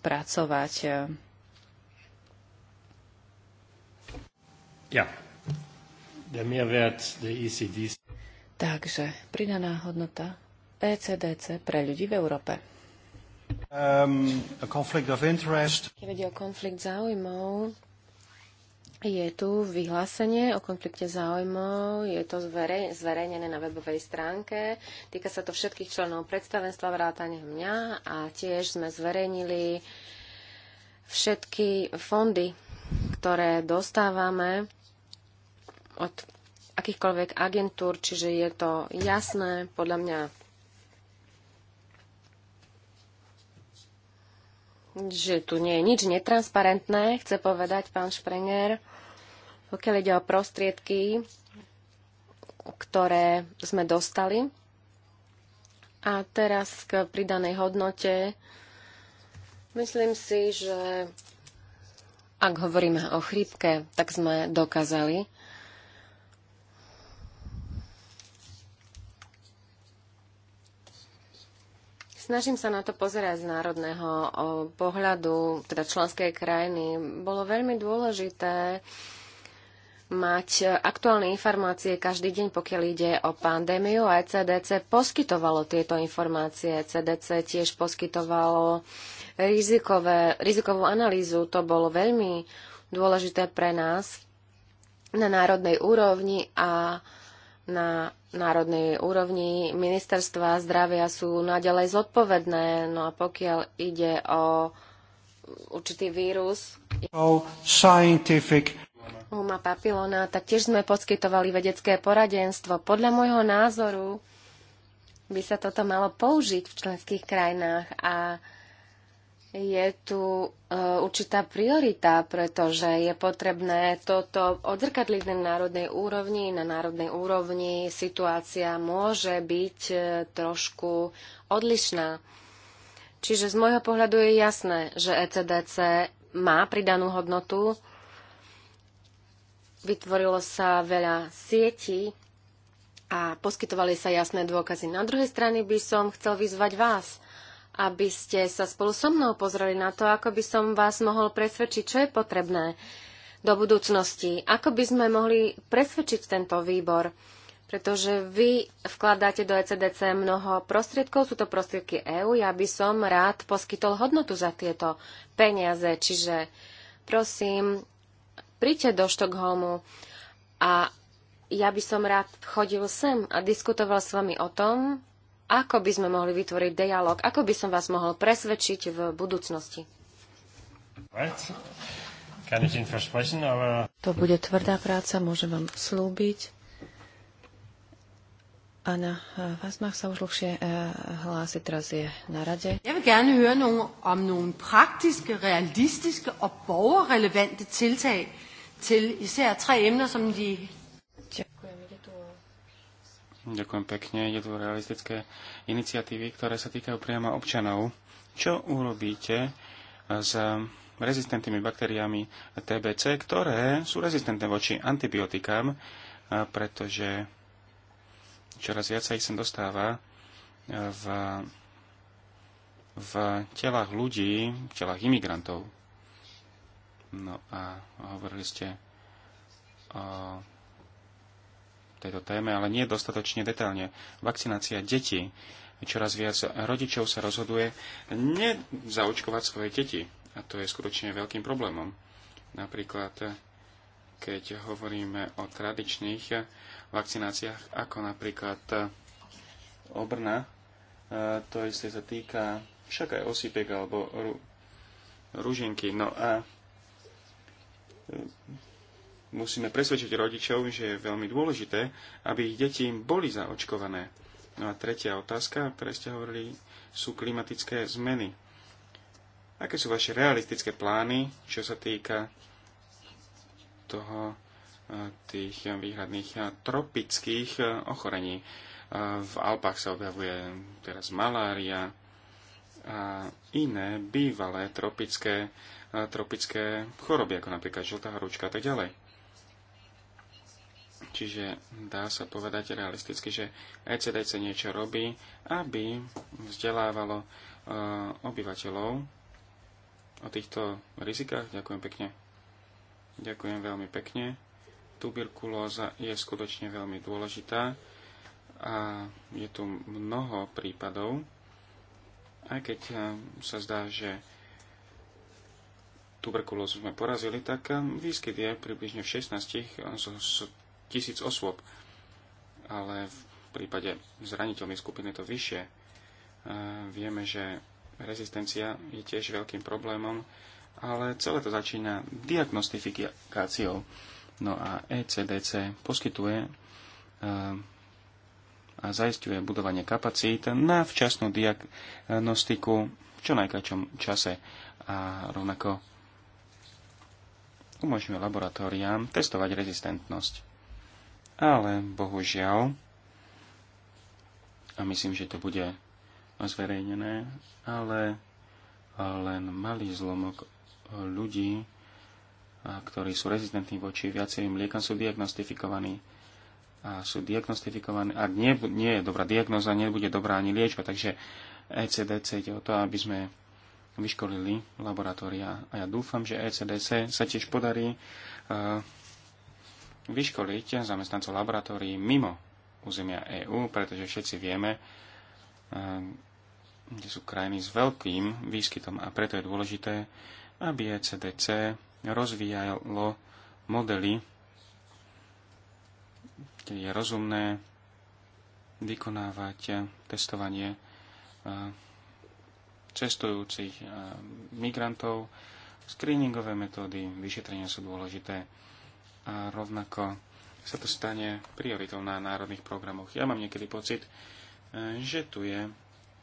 pracovať Ja. Der Mehrwert der e Takže pridaná hodnota ECDC pre ľudí v Európe. Um, a conflict of interest. Keď vedie o konflikt záujmov, je tu vyhlásenie o konflikte záujmov, je to zverejnené na webovej stránke, týka sa to všetkých členov predstavenstva vrátane mňa a tiež sme zverejnili všetky fondy ktoré dostávame od akýchkoľvek agentúr, čiže je to jasné, podľa mňa, že tu nie je nič netransparentné, chce povedať pán Šprenger, pokiaľ ide o prostriedky, ktoré sme dostali. A teraz k pridanej hodnote. Myslím si, že ak hovoríme o chrípke, tak sme dokázali, snažím sa na to pozerať z národného pohľadu, teda členskej krajiny. Bolo veľmi dôležité mať aktuálne informácie každý deň, pokiaľ ide o pandémiu. Aj e CDC poskytovalo tieto informácie. CDC e tiež poskytovalo rizikové, rizikovú analýzu. To bolo veľmi dôležité pre nás na národnej úrovni a na národnej úrovni ministerstva zdravia sú naďalej zodpovedné. No a pokiaľ ide o určitý vírus, Huma papilona, tak tiež sme poskytovali vedecké poradenstvo. Podľa môjho názoru by sa toto malo použiť v členských krajinách a je tu e, určitá priorita, pretože je potrebné toto odzrkadliť na národnej úrovni. Na národnej úrovni situácia môže byť e, trošku odlišná. Čiže z môjho pohľadu je jasné, že ECDC má pridanú hodnotu. Vytvorilo sa veľa sietí a poskytovali sa jasné dôkazy. Na druhej strane by som chcel vyzvať vás – aby ste sa spolu so mnou pozreli na to, ako by som vás mohol presvedčiť, čo je potrebné do budúcnosti. Ako by sme mohli presvedčiť tento výbor? Pretože vy vkladáte do ECDC mnoho prostriedkov, sú to prostriedky EÚ, ja by som rád poskytol hodnotu za tieto peniaze. Čiže prosím, príďte do Štokholmu a ja by som rád chodil sem a diskutoval s vami o tom, ako by sme mohli vytvoriť dialog? Ako by som vás mohol presvedčiť v budúcnosti? To bude tvrdá práca, môžem vám slúbiť. Anna Vasmach sa už dlhšie eh, hlási, teraz je na rade. Ja bych gerne høre nogle, om nogle praktiske, realistiske og borgerrelevante tiltag til især tre emner, som de Ďakujem pekne. Je tu realistické iniciatívy, ktoré sa týkajú priamo občanov. Čo urobíte s rezistentnými baktériami TBC, ktoré sú rezistentné voči antibiotikám, pretože čoraz viac sa ich sem dostáva v, v telách ľudí, v telách imigrantov. No a hovorili ste o tejto téme, ale nie dostatočne detailne. Vakcinácia detí. Čoraz viac rodičov sa rozhoduje nezaočkovať svoje deti. A to je skutočne veľkým problémom. Napríklad, keď hovoríme o tradičných vakcináciách, ako napríklad obrna, to isté sa týka však aj osypek alebo ružinky. No a musíme presvedčiť rodičov, že je veľmi dôležité, aby ich deti im boli zaočkované. No a tretia otázka, ktoré ste hovorili, sú klimatické zmeny. Aké sú vaše realistické plány, čo sa týka toho, eh, tých výhradných eh, tropických eh, ochorení? V Alpách sa objavuje teraz malária a iné bývalé tropické, tropické choroby, ako napríklad žltá horúčka a tak ďalej Čiže dá sa povedať realisticky, že ECDC niečo robí, aby vzdelávalo eh, obyvateľov o týchto rizikách. Ďakujem pekne. Ďakujem veľmi pekne. Tuberkulóza je skutočne veľmi dôležitá a je tu mnoho prípadov, aj keď eh, sa zdá, že tuberkulózu sme porazili, tak eh, výskyt je približne v 16 z tisíc osôb, ale v prípade zraniteľnej skupiny to vyššie. E, vieme, že rezistencia je tiež veľkým problémom, ale celé to začína diagnostifikáciou. No a ECDC poskytuje e, a zaistuje budovanie kapacít na včasnú diagnostiku v čo najkračom čase a rovnako umožňuje laboratóriám testovať rezistentnosť ale bohužiaľ, a myslím, že to bude zverejnené, ale len malý zlomok ľudí, ktorí sú rezistentní voči viacerým liekom, sú diagnostifikovaní. A sú diagnostifikovaní, ak nie, nie je dobrá diagnoza, nebude dobrá ani liečba. Takže ECDC ide o to, aby sme vyškolili laboratória. A ja dúfam, že ECDC sa tiež podarí vyškoliť zamestnancov laboratórií mimo územia EÚ, pretože všetci vieme, eh, kde sú krajiny s veľkým výskytom a preto je dôležité, aby ECDC rozvíjalo modely, kde je rozumné vykonávať testovanie eh, cestujúcich eh, migrantov. Screeningové metódy vyšetrenia sú dôležité a rovnako sa to stane prioritou na národných programoch. Ja mám niekedy pocit, e, že tu je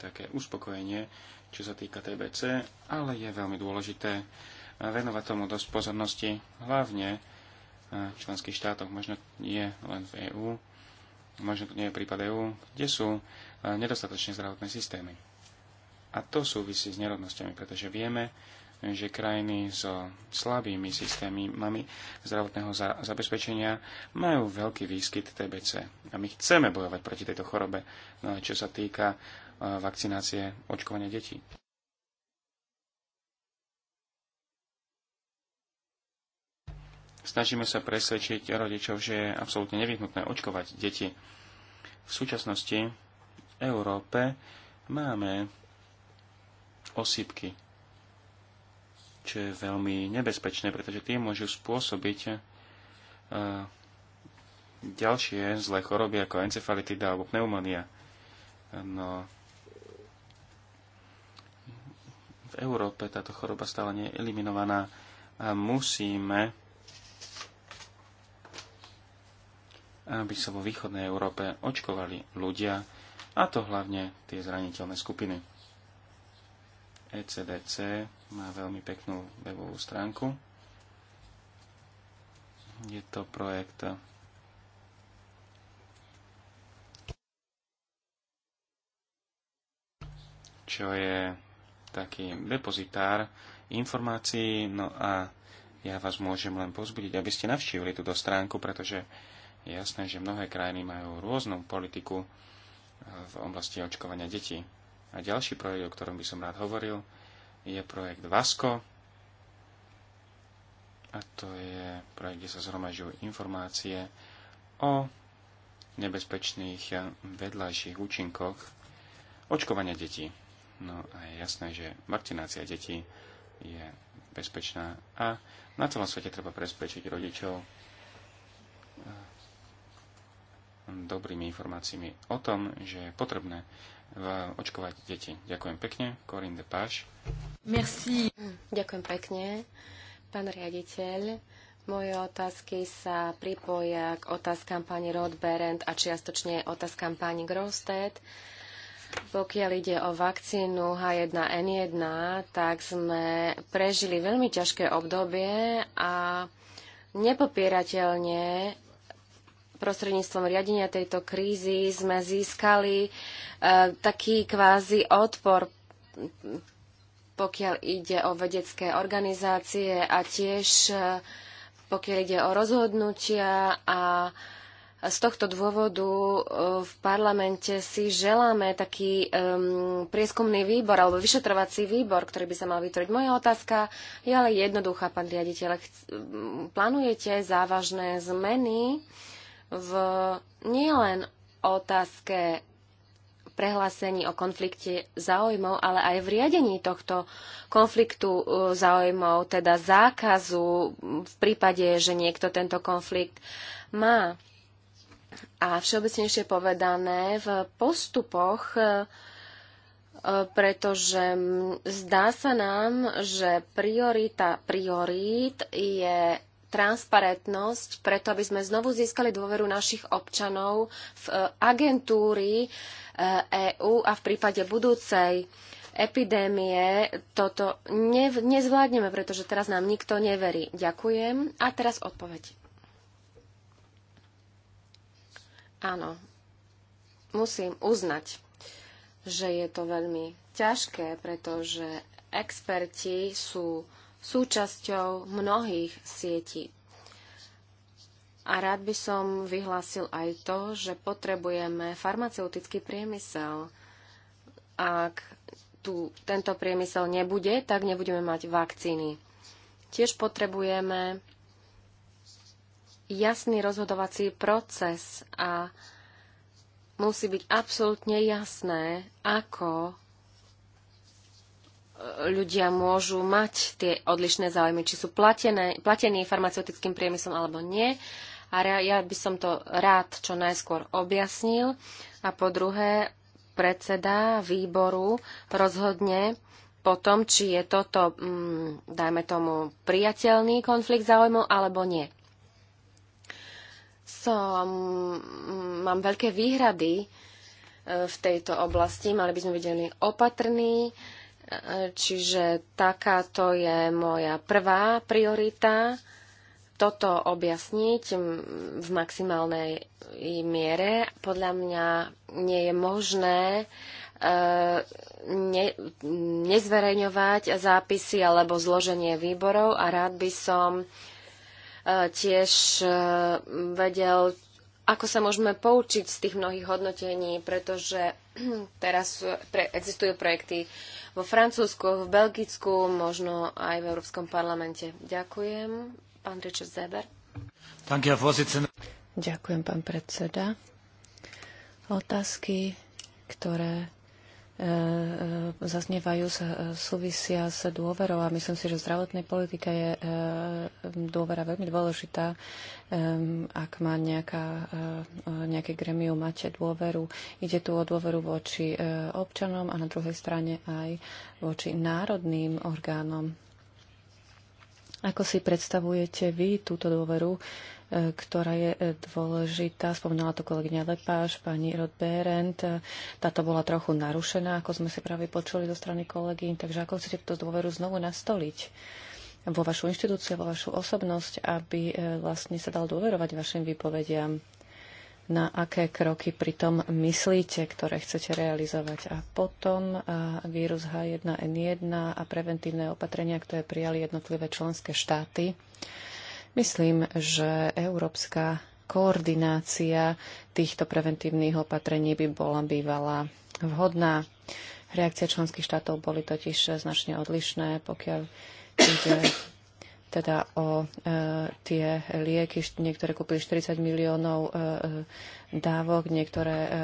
také uspokojenie, čo sa týka TBC, ale je veľmi dôležité venovať tomu dosť pozornosti, hlavne e, v členských štátoch, možno nie len v EÚ, možno to nie je prípad EÚ, kde sú e, nedostatočne zdravotné systémy. A to súvisí s nerovnosťami, pretože vieme, že krajiny so slabými systémami zdravotného zabezpečenia majú veľký výskyt TBC. A my chceme bojovať proti tejto chorobe, no čo sa týka e, vakcinácie očkovania detí. Snažíme sa presvedčiť rodičov, že je absolútne nevyhnutné očkovať deti. V súčasnosti v Európe máme osýpky čo je veľmi nebezpečné, pretože tie môžu spôsobiť eh, ďalšie zlé choroby ako encefalitida alebo pneumonia. No, v Európe táto choroba stále nie je eliminovaná a musíme, aby sa vo východnej Európe očkovali ľudia, a to hlavne tie zraniteľné skupiny. ECDC má veľmi peknú webovú stránku. Je to projekt čo je taký depozitár informácií. No a ja vás môžem len pozbudiť, aby ste navštívili túto stránku, pretože je jasné, že mnohé krajiny majú rôznu politiku v oblasti očkovania detí. A ďalší projekt, o ktorom by som rád hovoril, je projekt VASCO. A to je projekt, kde sa zhromažďujú informácie o nebezpečných vedľajších účinkoch očkovania detí. No a je jasné, že vakcinácia detí je bezpečná a na celom svete treba presvedčiť rodičov eh, dobrými informáciami o tom, že je potrebné očkovať deti. Ďakujem pekne. de Depáš. Merci. Ďakujem pekne. Pán riaditeľ, moje otázky sa pripoja k otázkam pani Rodberend a čiastočne otázkam pani Grosted. Pokiaľ ide o vakcínu H1N1, tak sme prežili veľmi ťažké obdobie a nepopierateľne prostredníctvom riadenia tejto krízy sme získali e, taký kvázi odpor, pokiaľ ide o vedecké organizácie a tiež e, pokiaľ ide o rozhodnutia a z tohto dôvodu e, v parlamente si želáme taký um, prieskumný výbor alebo vyšetrovací výbor, ktorý by sa mal vytvoriť. Moja otázka je ale jednoduchá, pán riaditeľ. plánujete závažné zmeny uh, v nielen otázke prehlásení o konflikte záujmov, ale aj v riadení tohto konfliktu uh, záujmov, teda zákazu v prípade, že niekto tento konflikt má. A všeobecnejšie povedané v postupoch, uh, pretože zdá sa nám, že priorita priorít je transparentnosť, preto aby sme znovu získali dôveru našich občanov v e, agentúry EÚ e a v prípade budúcej epidémie toto nezvládneme, pretože teraz nám nikto neverí. Ďakujem. A teraz odpoveď. Áno, musím uznať, že je to veľmi ťažké, pretože experti sú súčasťou mnohých sietí. A rád by som vyhlásil aj to, že potrebujeme farmaceutický priemysel. Ak tu tento priemysel nebude, tak nebudeme mať vakcíny. Tiež potrebujeme jasný rozhodovací proces a musí byť absolútne jasné, ako ľudia môžu mať tie odlišné záujmy, či sú platené, platení farmaceutickým priemyslom alebo nie. A ja by som to rád čo najskôr objasnil. A po druhé, predseda výboru rozhodne po tom, či je toto, mm, dajme tomu, priateľný konflikt záujmov alebo nie. Som, mm, mám veľké výhrady e, v tejto oblasti. Mali by sme opatrný. opatrní Čiže takáto je moja prvá priorita. Toto objasniť v maximálnej miere. Podľa mňa nie je možné e, ne, nezverejňovať zápisy alebo zloženie výborov a rád by som e, tiež e, vedel, ako sa môžeme poučiť z tých mnohých hodnotení, pretože teraz pre, existujú projekty vo Francúzsku, v Belgicku, možno aj v Európskom parlamente. Ďakujem. Pán Richard Zeber. Ďakujem, pán predseda. Otázky, ktoré E, e, zaznievajú, súvisia s dôverou a myslím si, že zdravotná zdravotnej je e, dôvera veľmi dôležitá. Ak má nejaká, nejaké gremiu máte dôveru. Ide tu o dôveru voči občanom a na druhej strane aj voči národným orgánom. Ako si predstavujete vy túto dôveru ktorá je e, dôležitá. Spomínala to kolegyňa Lepáš, pani Rod Berend. Táto bola trochu narušená, ako sme si práve počuli zo strany kolegy. Takže ako chcete túto dôveru znovu nastoliť vo vašu inštitúciu, vo vašu osobnosť, aby e, vlastne sa dal dôverovať vašim výpovediam? na aké kroky pritom myslíte, ktoré chcete realizovať. A potom a e, vírus H1N1 a preventívne opatrenia, ktoré prijali jednotlivé členské štáty. Myslím, že európska koordinácia týchto preventívnych opatrení by bola bývala vhodná. Reakcie členských štátov boli totiž značne odlišné, pokiaľ ide teda o e, tie lieky. Niektoré kúpili 40 miliónov e, e, dávok, niektoré e, e,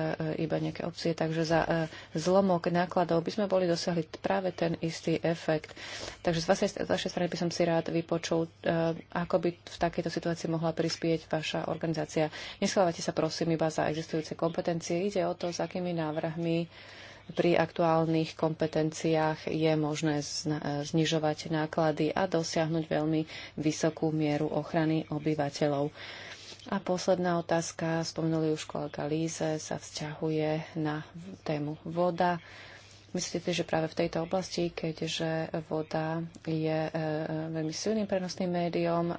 iba nejaké opcie. Takže za e, zlomok nákladov by sme boli dosiahli práve ten istý efekt. Takže z vašej, z vašej strany by som si rád vypočul, e, ako by v takejto situácii mohla prispieť vaša organizácia. Neschovávate sa prosím iba za existujúce kompetencie. Ide o to, s akými návrhmi pri aktuálnych kompetenciách je možné znižovať náklady a dosiahnuť veľmi vysokú mieru ochrany obyvateľov. A posledná otázka, spomenuli už kolega Líze, sa vzťahuje na tému voda. Myslíte, že práve v tejto oblasti, keďže voda je e, e, veľmi silným prenosným médiom, e,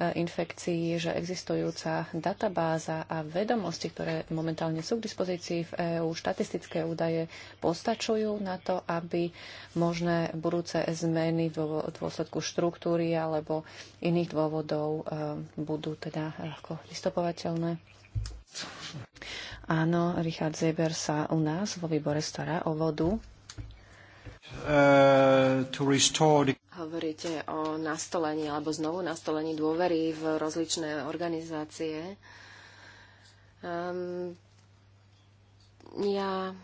infekcií, že existujúca databáza a vedomosti, ktoré momentálne sú k dispozícii v EÚ, štatistické údaje postačujú na to, aby možné budúce zmeny v dôsledku štruktúry alebo iných dôvodov e, budú teda ľahko vystupovateľné. Áno, Richard Zeber sa u nás vo výbore stará o vodu. Uh, to restore the Hovoríte o nastolení alebo znovu nastolení dôvery v rozličné organizácie. Um, ja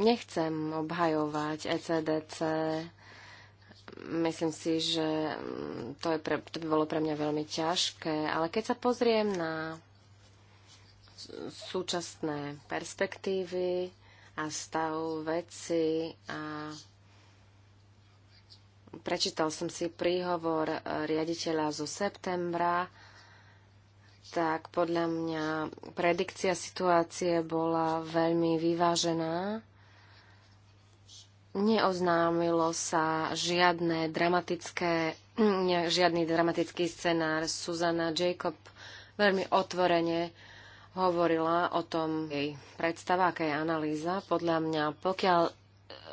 nechcem obhajovať ECDC. Myslím si, že mm, to, je pre, to by bolo pre mňa veľmi ťažké, ale keď sa pozriem na súčasné perspektívy a stav veci a prečítal som si príhovor eh, riaditeľa zo septembra, tak podľa mňa predikcia situácie bola veľmi vyvážená. Neoznámilo sa žiadne dramatické, žiadny dramatický scenár. Susana Jacob veľmi otvorene hovorila o tom jej predstava, aká je analýza. Podľa mňa, pokiaľ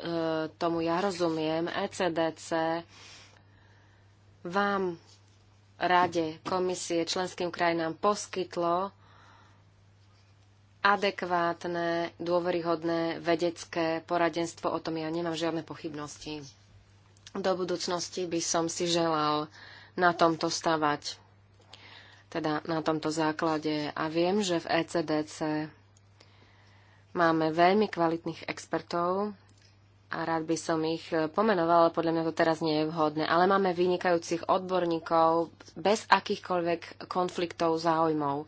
E, tomu ja rozumiem, ECDC vám, Rade, komisie, členským krajinám poskytlo adekvátne, dôveryhodné vedecké poradenstvo. O tom ja nemám žiadne pochybnosti. Do budúcnosti by som si želal na tomto stavať, teda na tomto základe. A viem, že v ECDC máme veľmi kvalitných expertov, a rád by som ich e, pomenoval, ale podľa mňa to teraz nie je vhodné. Ale máme vynikajúcich odborníkov bez akýchkoľvek konfliktov záujmov.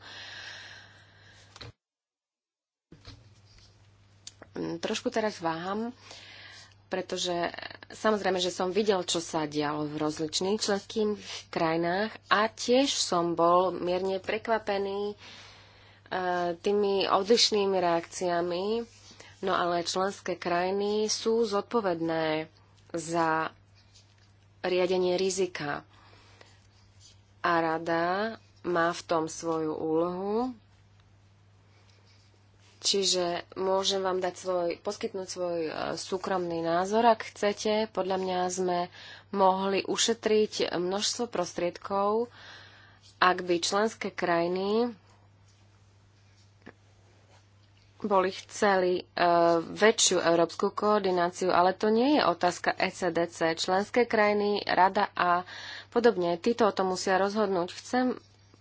Mm, trošku teraz váham, pretože samozrejme, že som videl, čo sa dialo v rozličných členských krajinách a tiež som bol mierne prekvapený e, tými odlišnými reakciami No ale členské krajiny sú zodpovedné za riadenie rizika. A rada má v tom svoju úlohu. Čiže môžem vám dať svoj, poskytnúť svoj e, súkromný názor, ak chcete. Podľa mňa sme mohli ušetriť množstvo prostriedkov, ak by členské krajiny boli chceli e, väčšiu európsku koordináciu, ale to nie je otázka ECDC. Členské krajiny, rada a podobne, títo o tom musia rozhodnúť. Chcem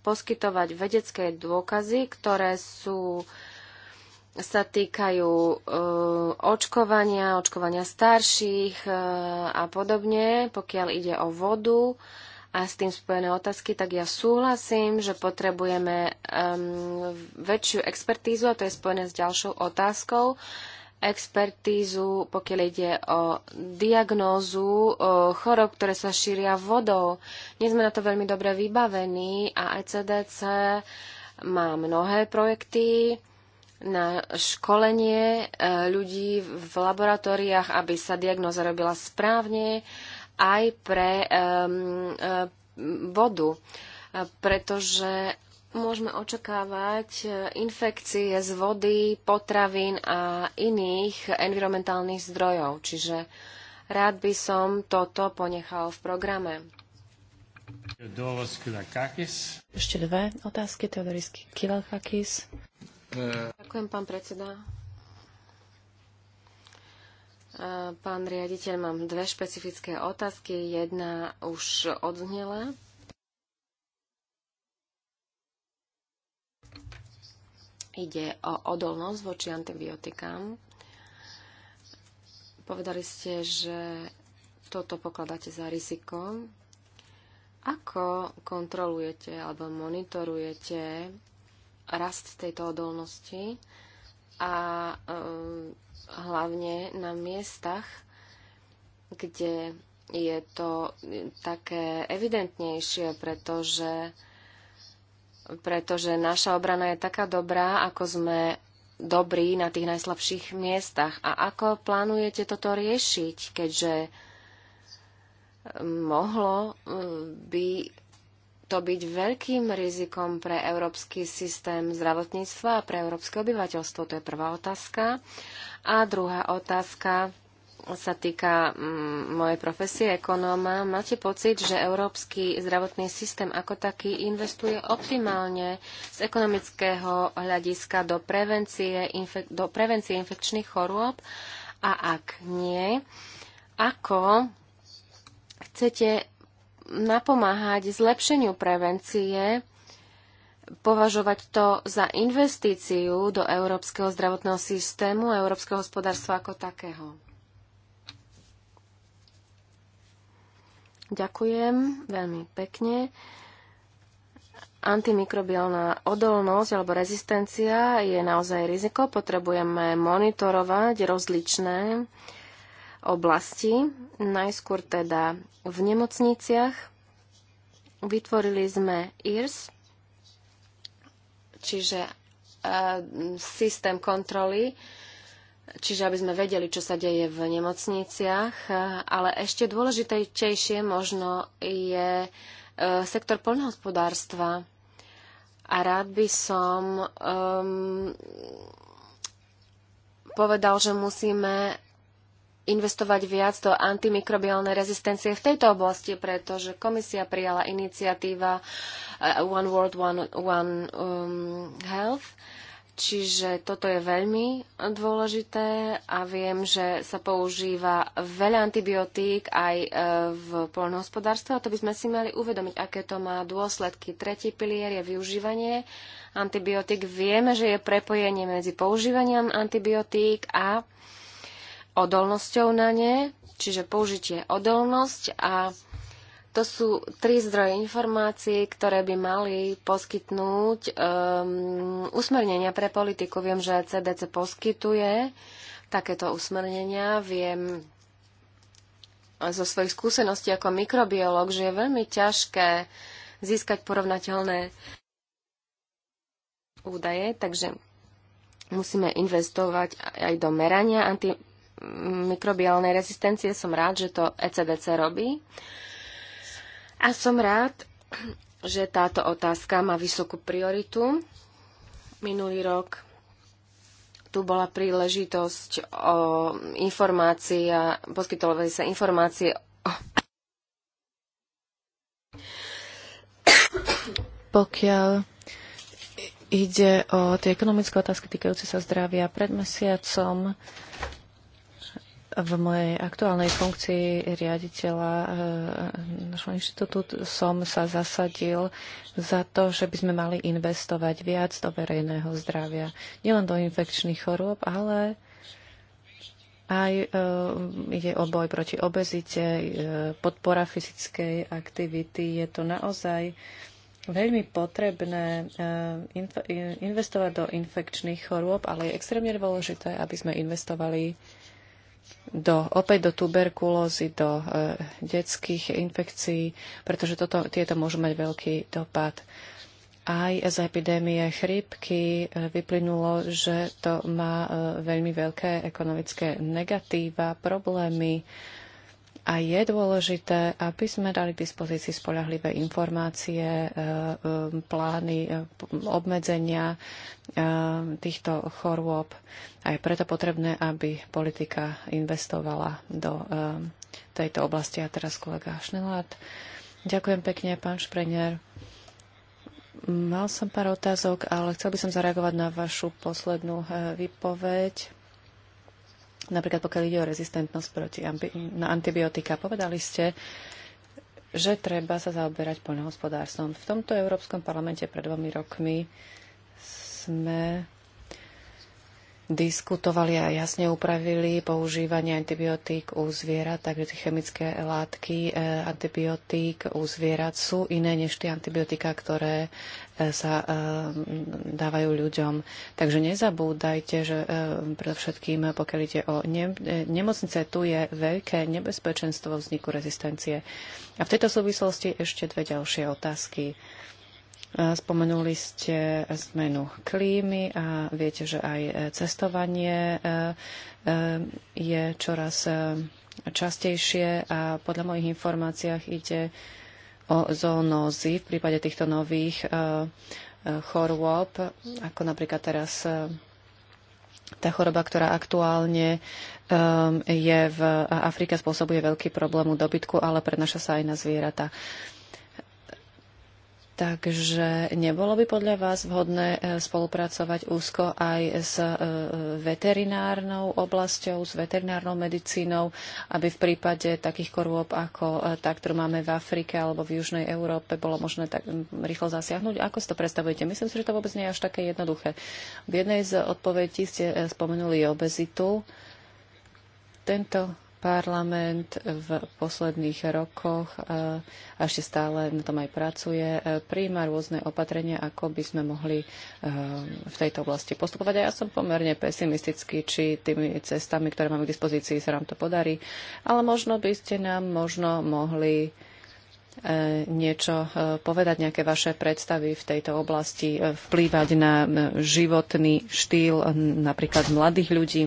poskytovať vedecké dôkazy, ktoré sú sa týkajú e, očkovania, očkovania starších e, a podobne, pokiaľ ide o vodu. E, a s tým spojené otázky, tak ja súhlasím, že potrebujeme um, väčšiu expertízu a to je spojené s ďalšou otázkou. Expertízu, pokiaľ ide o diagnózu o chorob, ktoré sa šíria vodou. Nie sme na to veľmi dobre vybavení a ECDC má mnohé projekty na školenie eh, ľudí v laboratóriách, aby sa diagnoza robila správne aj pre vodu, pretože môžeme očakávať eh, infekcie z vody, potravín a iných environmentálnych zdrojov. Čiže rád by som toto ponechal v programe. Ešte dve otázky, Teodorisky Kivalchakis. Eh. Ďakujem, pán predseda. Pán riaditeľ, mám dve špecifické otázky. Jedna už odznela. Ide o odolnosť voči antibiotikám. Povedali ste, že toto pokladáte za riziko. Ako kontrolujete alebo monitorujete rast tejto odolnosti? a e, hlavne na miestach, kde je to také evidentnejšie, pretože, pretože naša obrana je taká dobrá, ako sme dobrí na tých najslabších miestach. A ako plánujete toto riešiť, keďže eh, mohlo eh, by to byť veľkým rizikom pre európsky systém zdravotníctva a pre európske obyvateľstvo? To je prvá otázka. A druhá otázka sa týka mm, mojej profesie ekonóma. Máte pocit, že európsky zdravotný systém ako taký investuje optimálne z ekonomického hľadiska do prevencie, infek- do prevencie infekčných chorôb? A ak nie, ako chcete napomáhať zlepšeniu prevencie, považovať to za investíciu do európskeho zdravotného systému a európskeho hospodárstva ako takého. Ďakujem veľmi pekne. Antimikrobiálna odolnosť alebo rezistencia je naozaj riziko. Potrebujeme monitorovať rozličné oblasti. Najskôr teda v nemocniciach. Vytvorili sme IRS, čiže e, systém kontroly, čiže aby sme vedeli, čo sa deje v nemocniciach. E, ale ešte dôležitejšie možno je e, sektor poľnohospodárstva. A rád by som um, povedal, že musíme investovať viac do antimikrobiálnej rezistencie v tejto oblasti, pretože komisia prijala iniciatíva eh, One World, One, One um, Health. Čiže toto je veľmi dôležité a viem, že sa používa veľa antibiotík aj eh, v poľnohospodárstve a to by sme si mali uvedomiť, aké to má dôsledky. Tretí pilier je využívanie antibiotík. Vieme, že je prepojenie medzi používaním antibiotík a uh, odolnosťou na ne, čiže použitie odolnosť a to sú tri zdroje informácií, ktoré by mali poskytnúť um, usmernenia pre politiku. Viem, že CDC poskytuje takéto usmernenia. Viem zo svojich skúseností ako mikrobiolog, že je veľmi ťažké získať porovnateľné údaje, takže musíme investovať aj do merania anti- mikrobiálnej rezistencie. Som rád, že to ECDC robí. A som rád, že táto otázka má vysokú prioritu. Minulý rok tu bola príležitosť o informácii a poskytovali sa informácie o pokiaľ ide o tie ekonomické otázky týkajúce sa zdravia. Pred mesiacom v mojej aktuálnej funkcii riaditeľa eh, našho inštitútu som sa zasadil za to, že by sme mali investovať viac do verejného zdravia. Nielen do infekčných chorôb, ale aj eh, ide o boj proti obezite, eh, podpora fyzickej aktivity. Je to naozaj veľmi potrebné investovať do infekčných chorôb, ale je extrémne dôležité, aby sme investovali do, opäť do tuberkulózy, do e, detských infekcií, pretože toto, tieto môžu mať veľký dopad. Aj z epidémie chrípky e, vyplynulo, že to má e, veľmi veľké ekonomické negatíva, problémy. E, a je dôležité, aby sme dali k dispozícii spolahlivé informácie, e, e, plány e, obmedzenia týchto chorôb. A je preto potrebné, aby politika investovala do tejto oblasti. A teraz kolega Šnelát. Ďakujem pekne, pán Šprener. Mal som pár otázok, ale chcel by som zareagovať na vašu poslednú výpoveď napríklad pokiaľ ide o rezistentnosť proti na antibiotika. Povedali ste, že treba sa zaoberať poľnohospodárstvom. V tomto Európskom parlamente pred dvomi rokmi sme diskutovali a jasne upravili používanie antibiotík u zvierat, takže tie chemické látky e, antibiotík u zvierat sú iné než tie antibiotika, ktoré e, sa e, dávajú ľuďom. Takže nezabúdajte, že predovšetkým, pokiaľ ide o ne- nemocnice, tu je veľké nebezpečenstvo vzniku rezistencie. A v tejto súvislosti ešte dve ďalšie otázky. Spomenuli ste zmenu klímy a viete, že aj cestovanie e, e, je čoraz e, častejšie a podľa mojich informáciách ide o zoonózy v prípade týchto nových chorôb, ako napríklad teraz tá choroba, ktorá aktuálne je v Afrike, spôsobuje veľký problém u dobytku, ale prenaša sa aj na zvieratá. Takže nebolo by podľa vás vhodné e, spolupracovať úzko aj s e, veterinárnou oblasťou, s veterinárnou medicínou, aby v prípade takých korôb ako e, tá, ktorú máme v Afrike alebo v Južnej Európe, bolo možné tak rýchlo zasiahnuť? Ako si to predstavujete? Myslím si, že to vôbec nie je až také jednoduché. V jednej z odpovedí ste spomenuli obezitu. Tento Parlament v posledných rokoch a ešte stále na tom aj pracuje, e, príjma rôzne opatrenia, ako by sme mohli e, v tejto oblasti postupovať. A ja som pomerne pesimistický, či tými cestami, ktoré máme k dispozícii, sa nám to podarí. Ale možno by ste nám možno mohli e, niečo povedať, nejaké vaše predstavy v tejto oblasti, vplývať na životný štýl napríklad mladých ľudí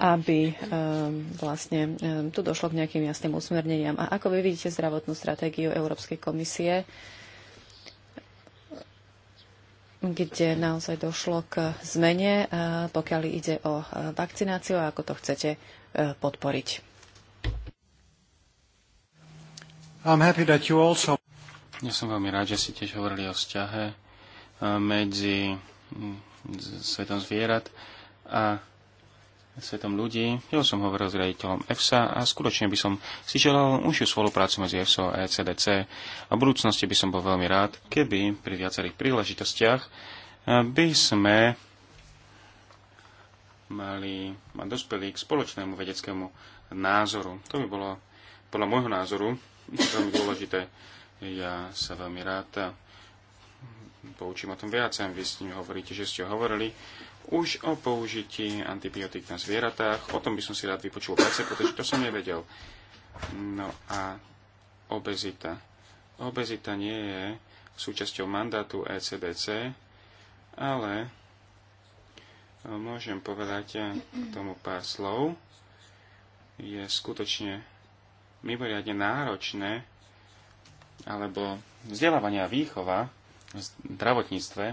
aby ehm, vlastne ehm, tu došlo k nejakým jasným usmerneniam. A ako vy vidíte zdravotnú stratégiu Európskej komisie, kde naozaj došlo k zmene, eh, pokiaľ ide o eh, vakcináciu a ako to chcete eh, podporiť. Also... Ja som veľmi rád, že si tiež hovorili o vzťahe medzi mm, svetom zvierat a svetom ľudí. Ja som hovoril s riaditeľom EFSA a skutočne by som si želal užšiu spoluprácu medzi EFSA a ECDC a v budúcnosti by som bol veľmi rád, keby pri viacerých príležitostiach eh, by sme mali a dospeli k spoločnému vedeckému názoru. To by bolo podľa môjho názoru veľmi dôležité. Ja sa veľmi rád poučím o tom viac. Vy s ním hovoríte, že ste hovorili už o použití antibiotík na zvieratách. O tom by som si rád vypočul viacej, pretože to som nevedel. No a obezita. Obezita nie je súčasťou mandátu ECDC, ale môžem povedať k tomu pár slov. Je skutočne mimoriadne náročné, alebo vzdelávania výchova v zdravotníctve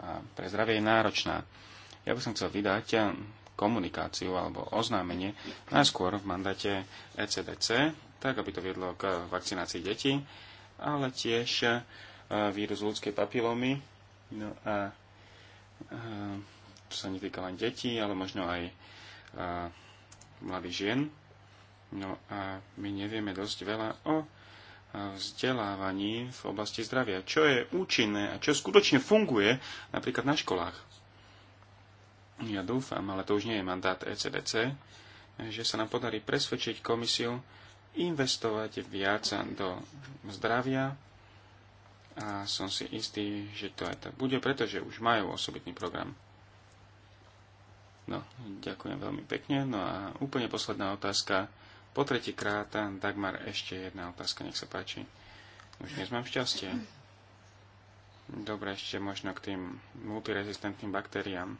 a pre zdravie je náročná. Ja by som chcel vydať eh, komunikáciu alebo oznámenie najskôr v mandáte ECDC, tak aby to viedlo k vakcinácii detí, ale tiež eh, vírus ľudskej papilómy. No a eh, to sa netýka len detí, ale možno aj mladých žien. No a my nevieme dosť veľa o vzdelávaní v oblasti zdravia. Čo je účinné a čo skutočne funguje napríklad na školách. Ja dúfam, ale to už nie je mandát ECDC, že sa nám podarí presvedčiť komisiu investovať viac do zdravia a som si istý, že to aj tak bude, pretože už majú osobitný program. No, ďakujem veľmi pekne. No a úplne posledná otázka. Po tretí krát, Dagmar, ešte jedna otázka, nech sa páči. Už dnes mám šťastie. Dobre, ešte možno k tým multirezistentným baktériám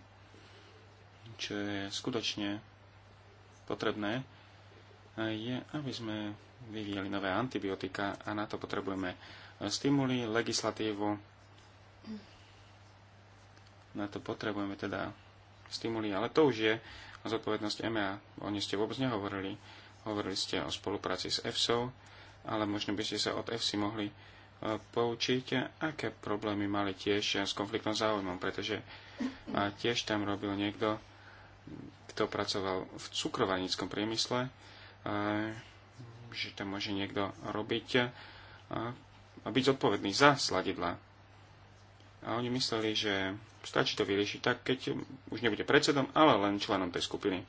čo je skutočne potrebné, je, aby sme vyvíjali nové antibiotika a na to potrebujeme stimuli, legislatívu. Na to potrebujeme teda stimuli, ale to už je zodpovednosť EMEA. O nej ste vôbec nehovorili. Hovorili ste o spolupráci s EFSO, ale možno by ste sa od EFSI mohli e, poučiť, aké problémy mali tiež s konfliktom záujmom, pretože e, tiež tam robil niekto kto pracoval v cukrovarníckom priemysle, že tam môže niekto robiť a byť zodpovedný za sladidla. A oni mysleli, že stačí to vyriešiť tak, keď už nebude predsedom, ale len členom tej skupiny.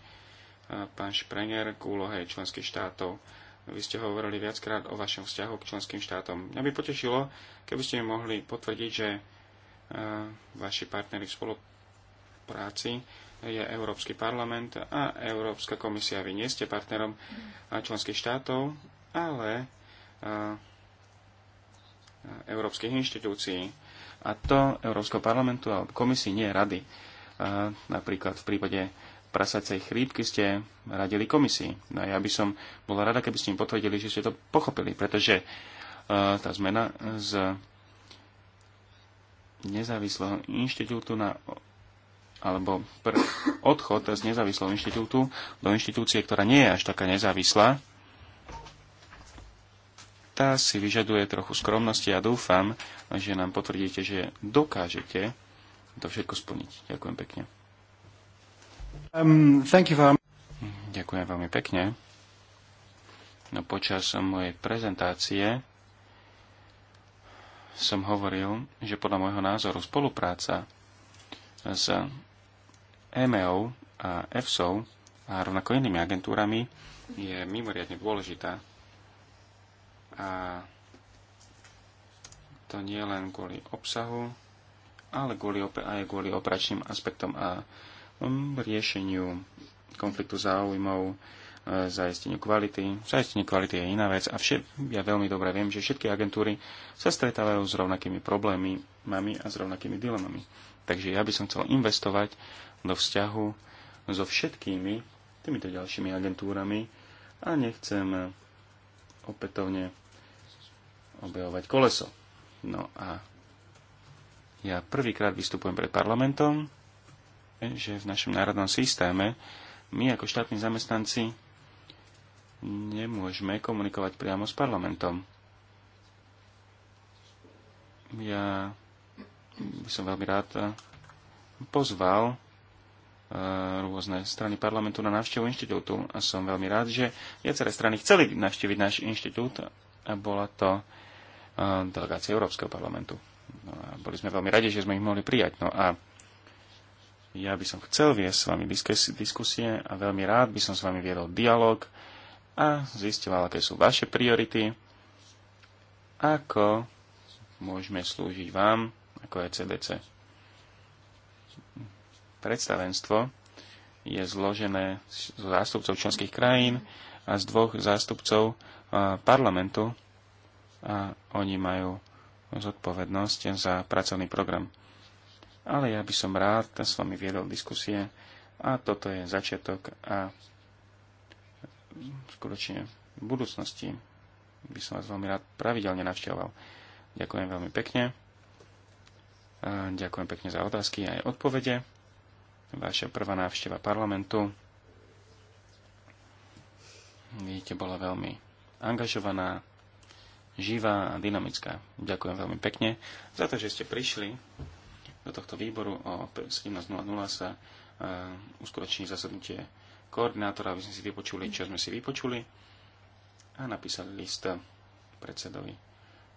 pán Šprenger k úlohe členských štátov. Vy ste hovorili viackrát o vašom vzťahu k členským štátom. Mňa by potešilo, keby ste mi mohli potvrdiť, že vaši partnery v spolupráci je Európsky parlament a Európska komisia. Vy nie ste partnerom členských štátov, ale európskych inštitúcií. A to Európskeho parlamentu alebo komisii, nie rady. A napríklad v prípade prasacej chrípky ste radili komisii. No ja by som bola rada, keby ste im potvrdili, že ste to pochopili, pretože tá zmena z nezávislého inštitútu na alebo pr- odchod z nezávislého inštitútu do inštitúcie, ktorá nie je až taká nezávislá, tá si vyžaduje trochu skromnosti a dúfam, že nám potvrdíte, že dokážete to všetko splniť. Ďakujem pekne. Um, thank you very... Ďakujem veľmi pekne. No, počas mojej prezentácie som hovoril, že podľa môjho názoru spolupráca s EMEO a EFSO a rovnako inými agentúrami je mimoriadne dôležitá. A to nie len kvôli obsahu, ale kvôli, aj kvôli operačným aspektom a mm, riešeniu konfliktu záujmov, e, zaisteniu kvality. Zaistenie kvality je iná vec a všet, ja veľmi dobre viem, že všetky agentúry sa stretávajú s rovnakými problémami a s rovnakými dilemami. Takže ja by som chcel investovať do vzťahu so všetkými týmito ďalšími agentúrami a nechcem opätovne objavovať koleso. No a ja prvýkrát vystupujem pred parlamentom, že v našom národnom systéme my ako štátni zamestnanci nemôžeme komunikovať priamo s parlamentom. Ja by som veľmi rád pozval E, rôzne strany parlamentu na návštevu inštitútu a som veľmi rád, že viaceré strany chceli navštíviť náš inštitút a bola to e, delegácia Európskeho parlamentu. No a boli sme veľmi radi, že sme ich mohli prijať. No a ja by som chcel viesť s vami diskusie a veľmi rád by som s vami viedol dialog a zistil, aké sú vaše priority, ako môžeme slúžiť vám ako ECDC. Predstavenstvo je zložené z zástupcov členských krajín a z dvoch zástupcov parlamentu a oni majú zodpovednosť za pracovný program. Ale ja by som rád s vami viedol diskusie a toto je začiatok a skutočne v budúcnosti by som vás veľmi rád pravidelne navštevoval. Ďakujem veľmi pekne. A ďakujem pekne za otázky a aj odpovede vaša prvá návšteva parlamentu. Vidíte, bola veľmi angažovaná, živá a dynamická. Ďakujem veľmi pekne za to, že ste prišli do tohto výboru. O 17.00 sa e, uskutoční zasadnutie koordinátora, aby sme si vypočuli, čo sme si vypočuli a napísali list predsedovi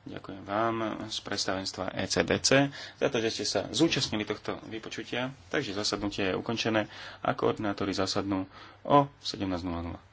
Ďakujem vám z predstavenstva ECDC za to, že ste sa zúčastnili tohto vypočutia. Takže zasadnutie je ukončené a koordinátori zasadnú o 17.00.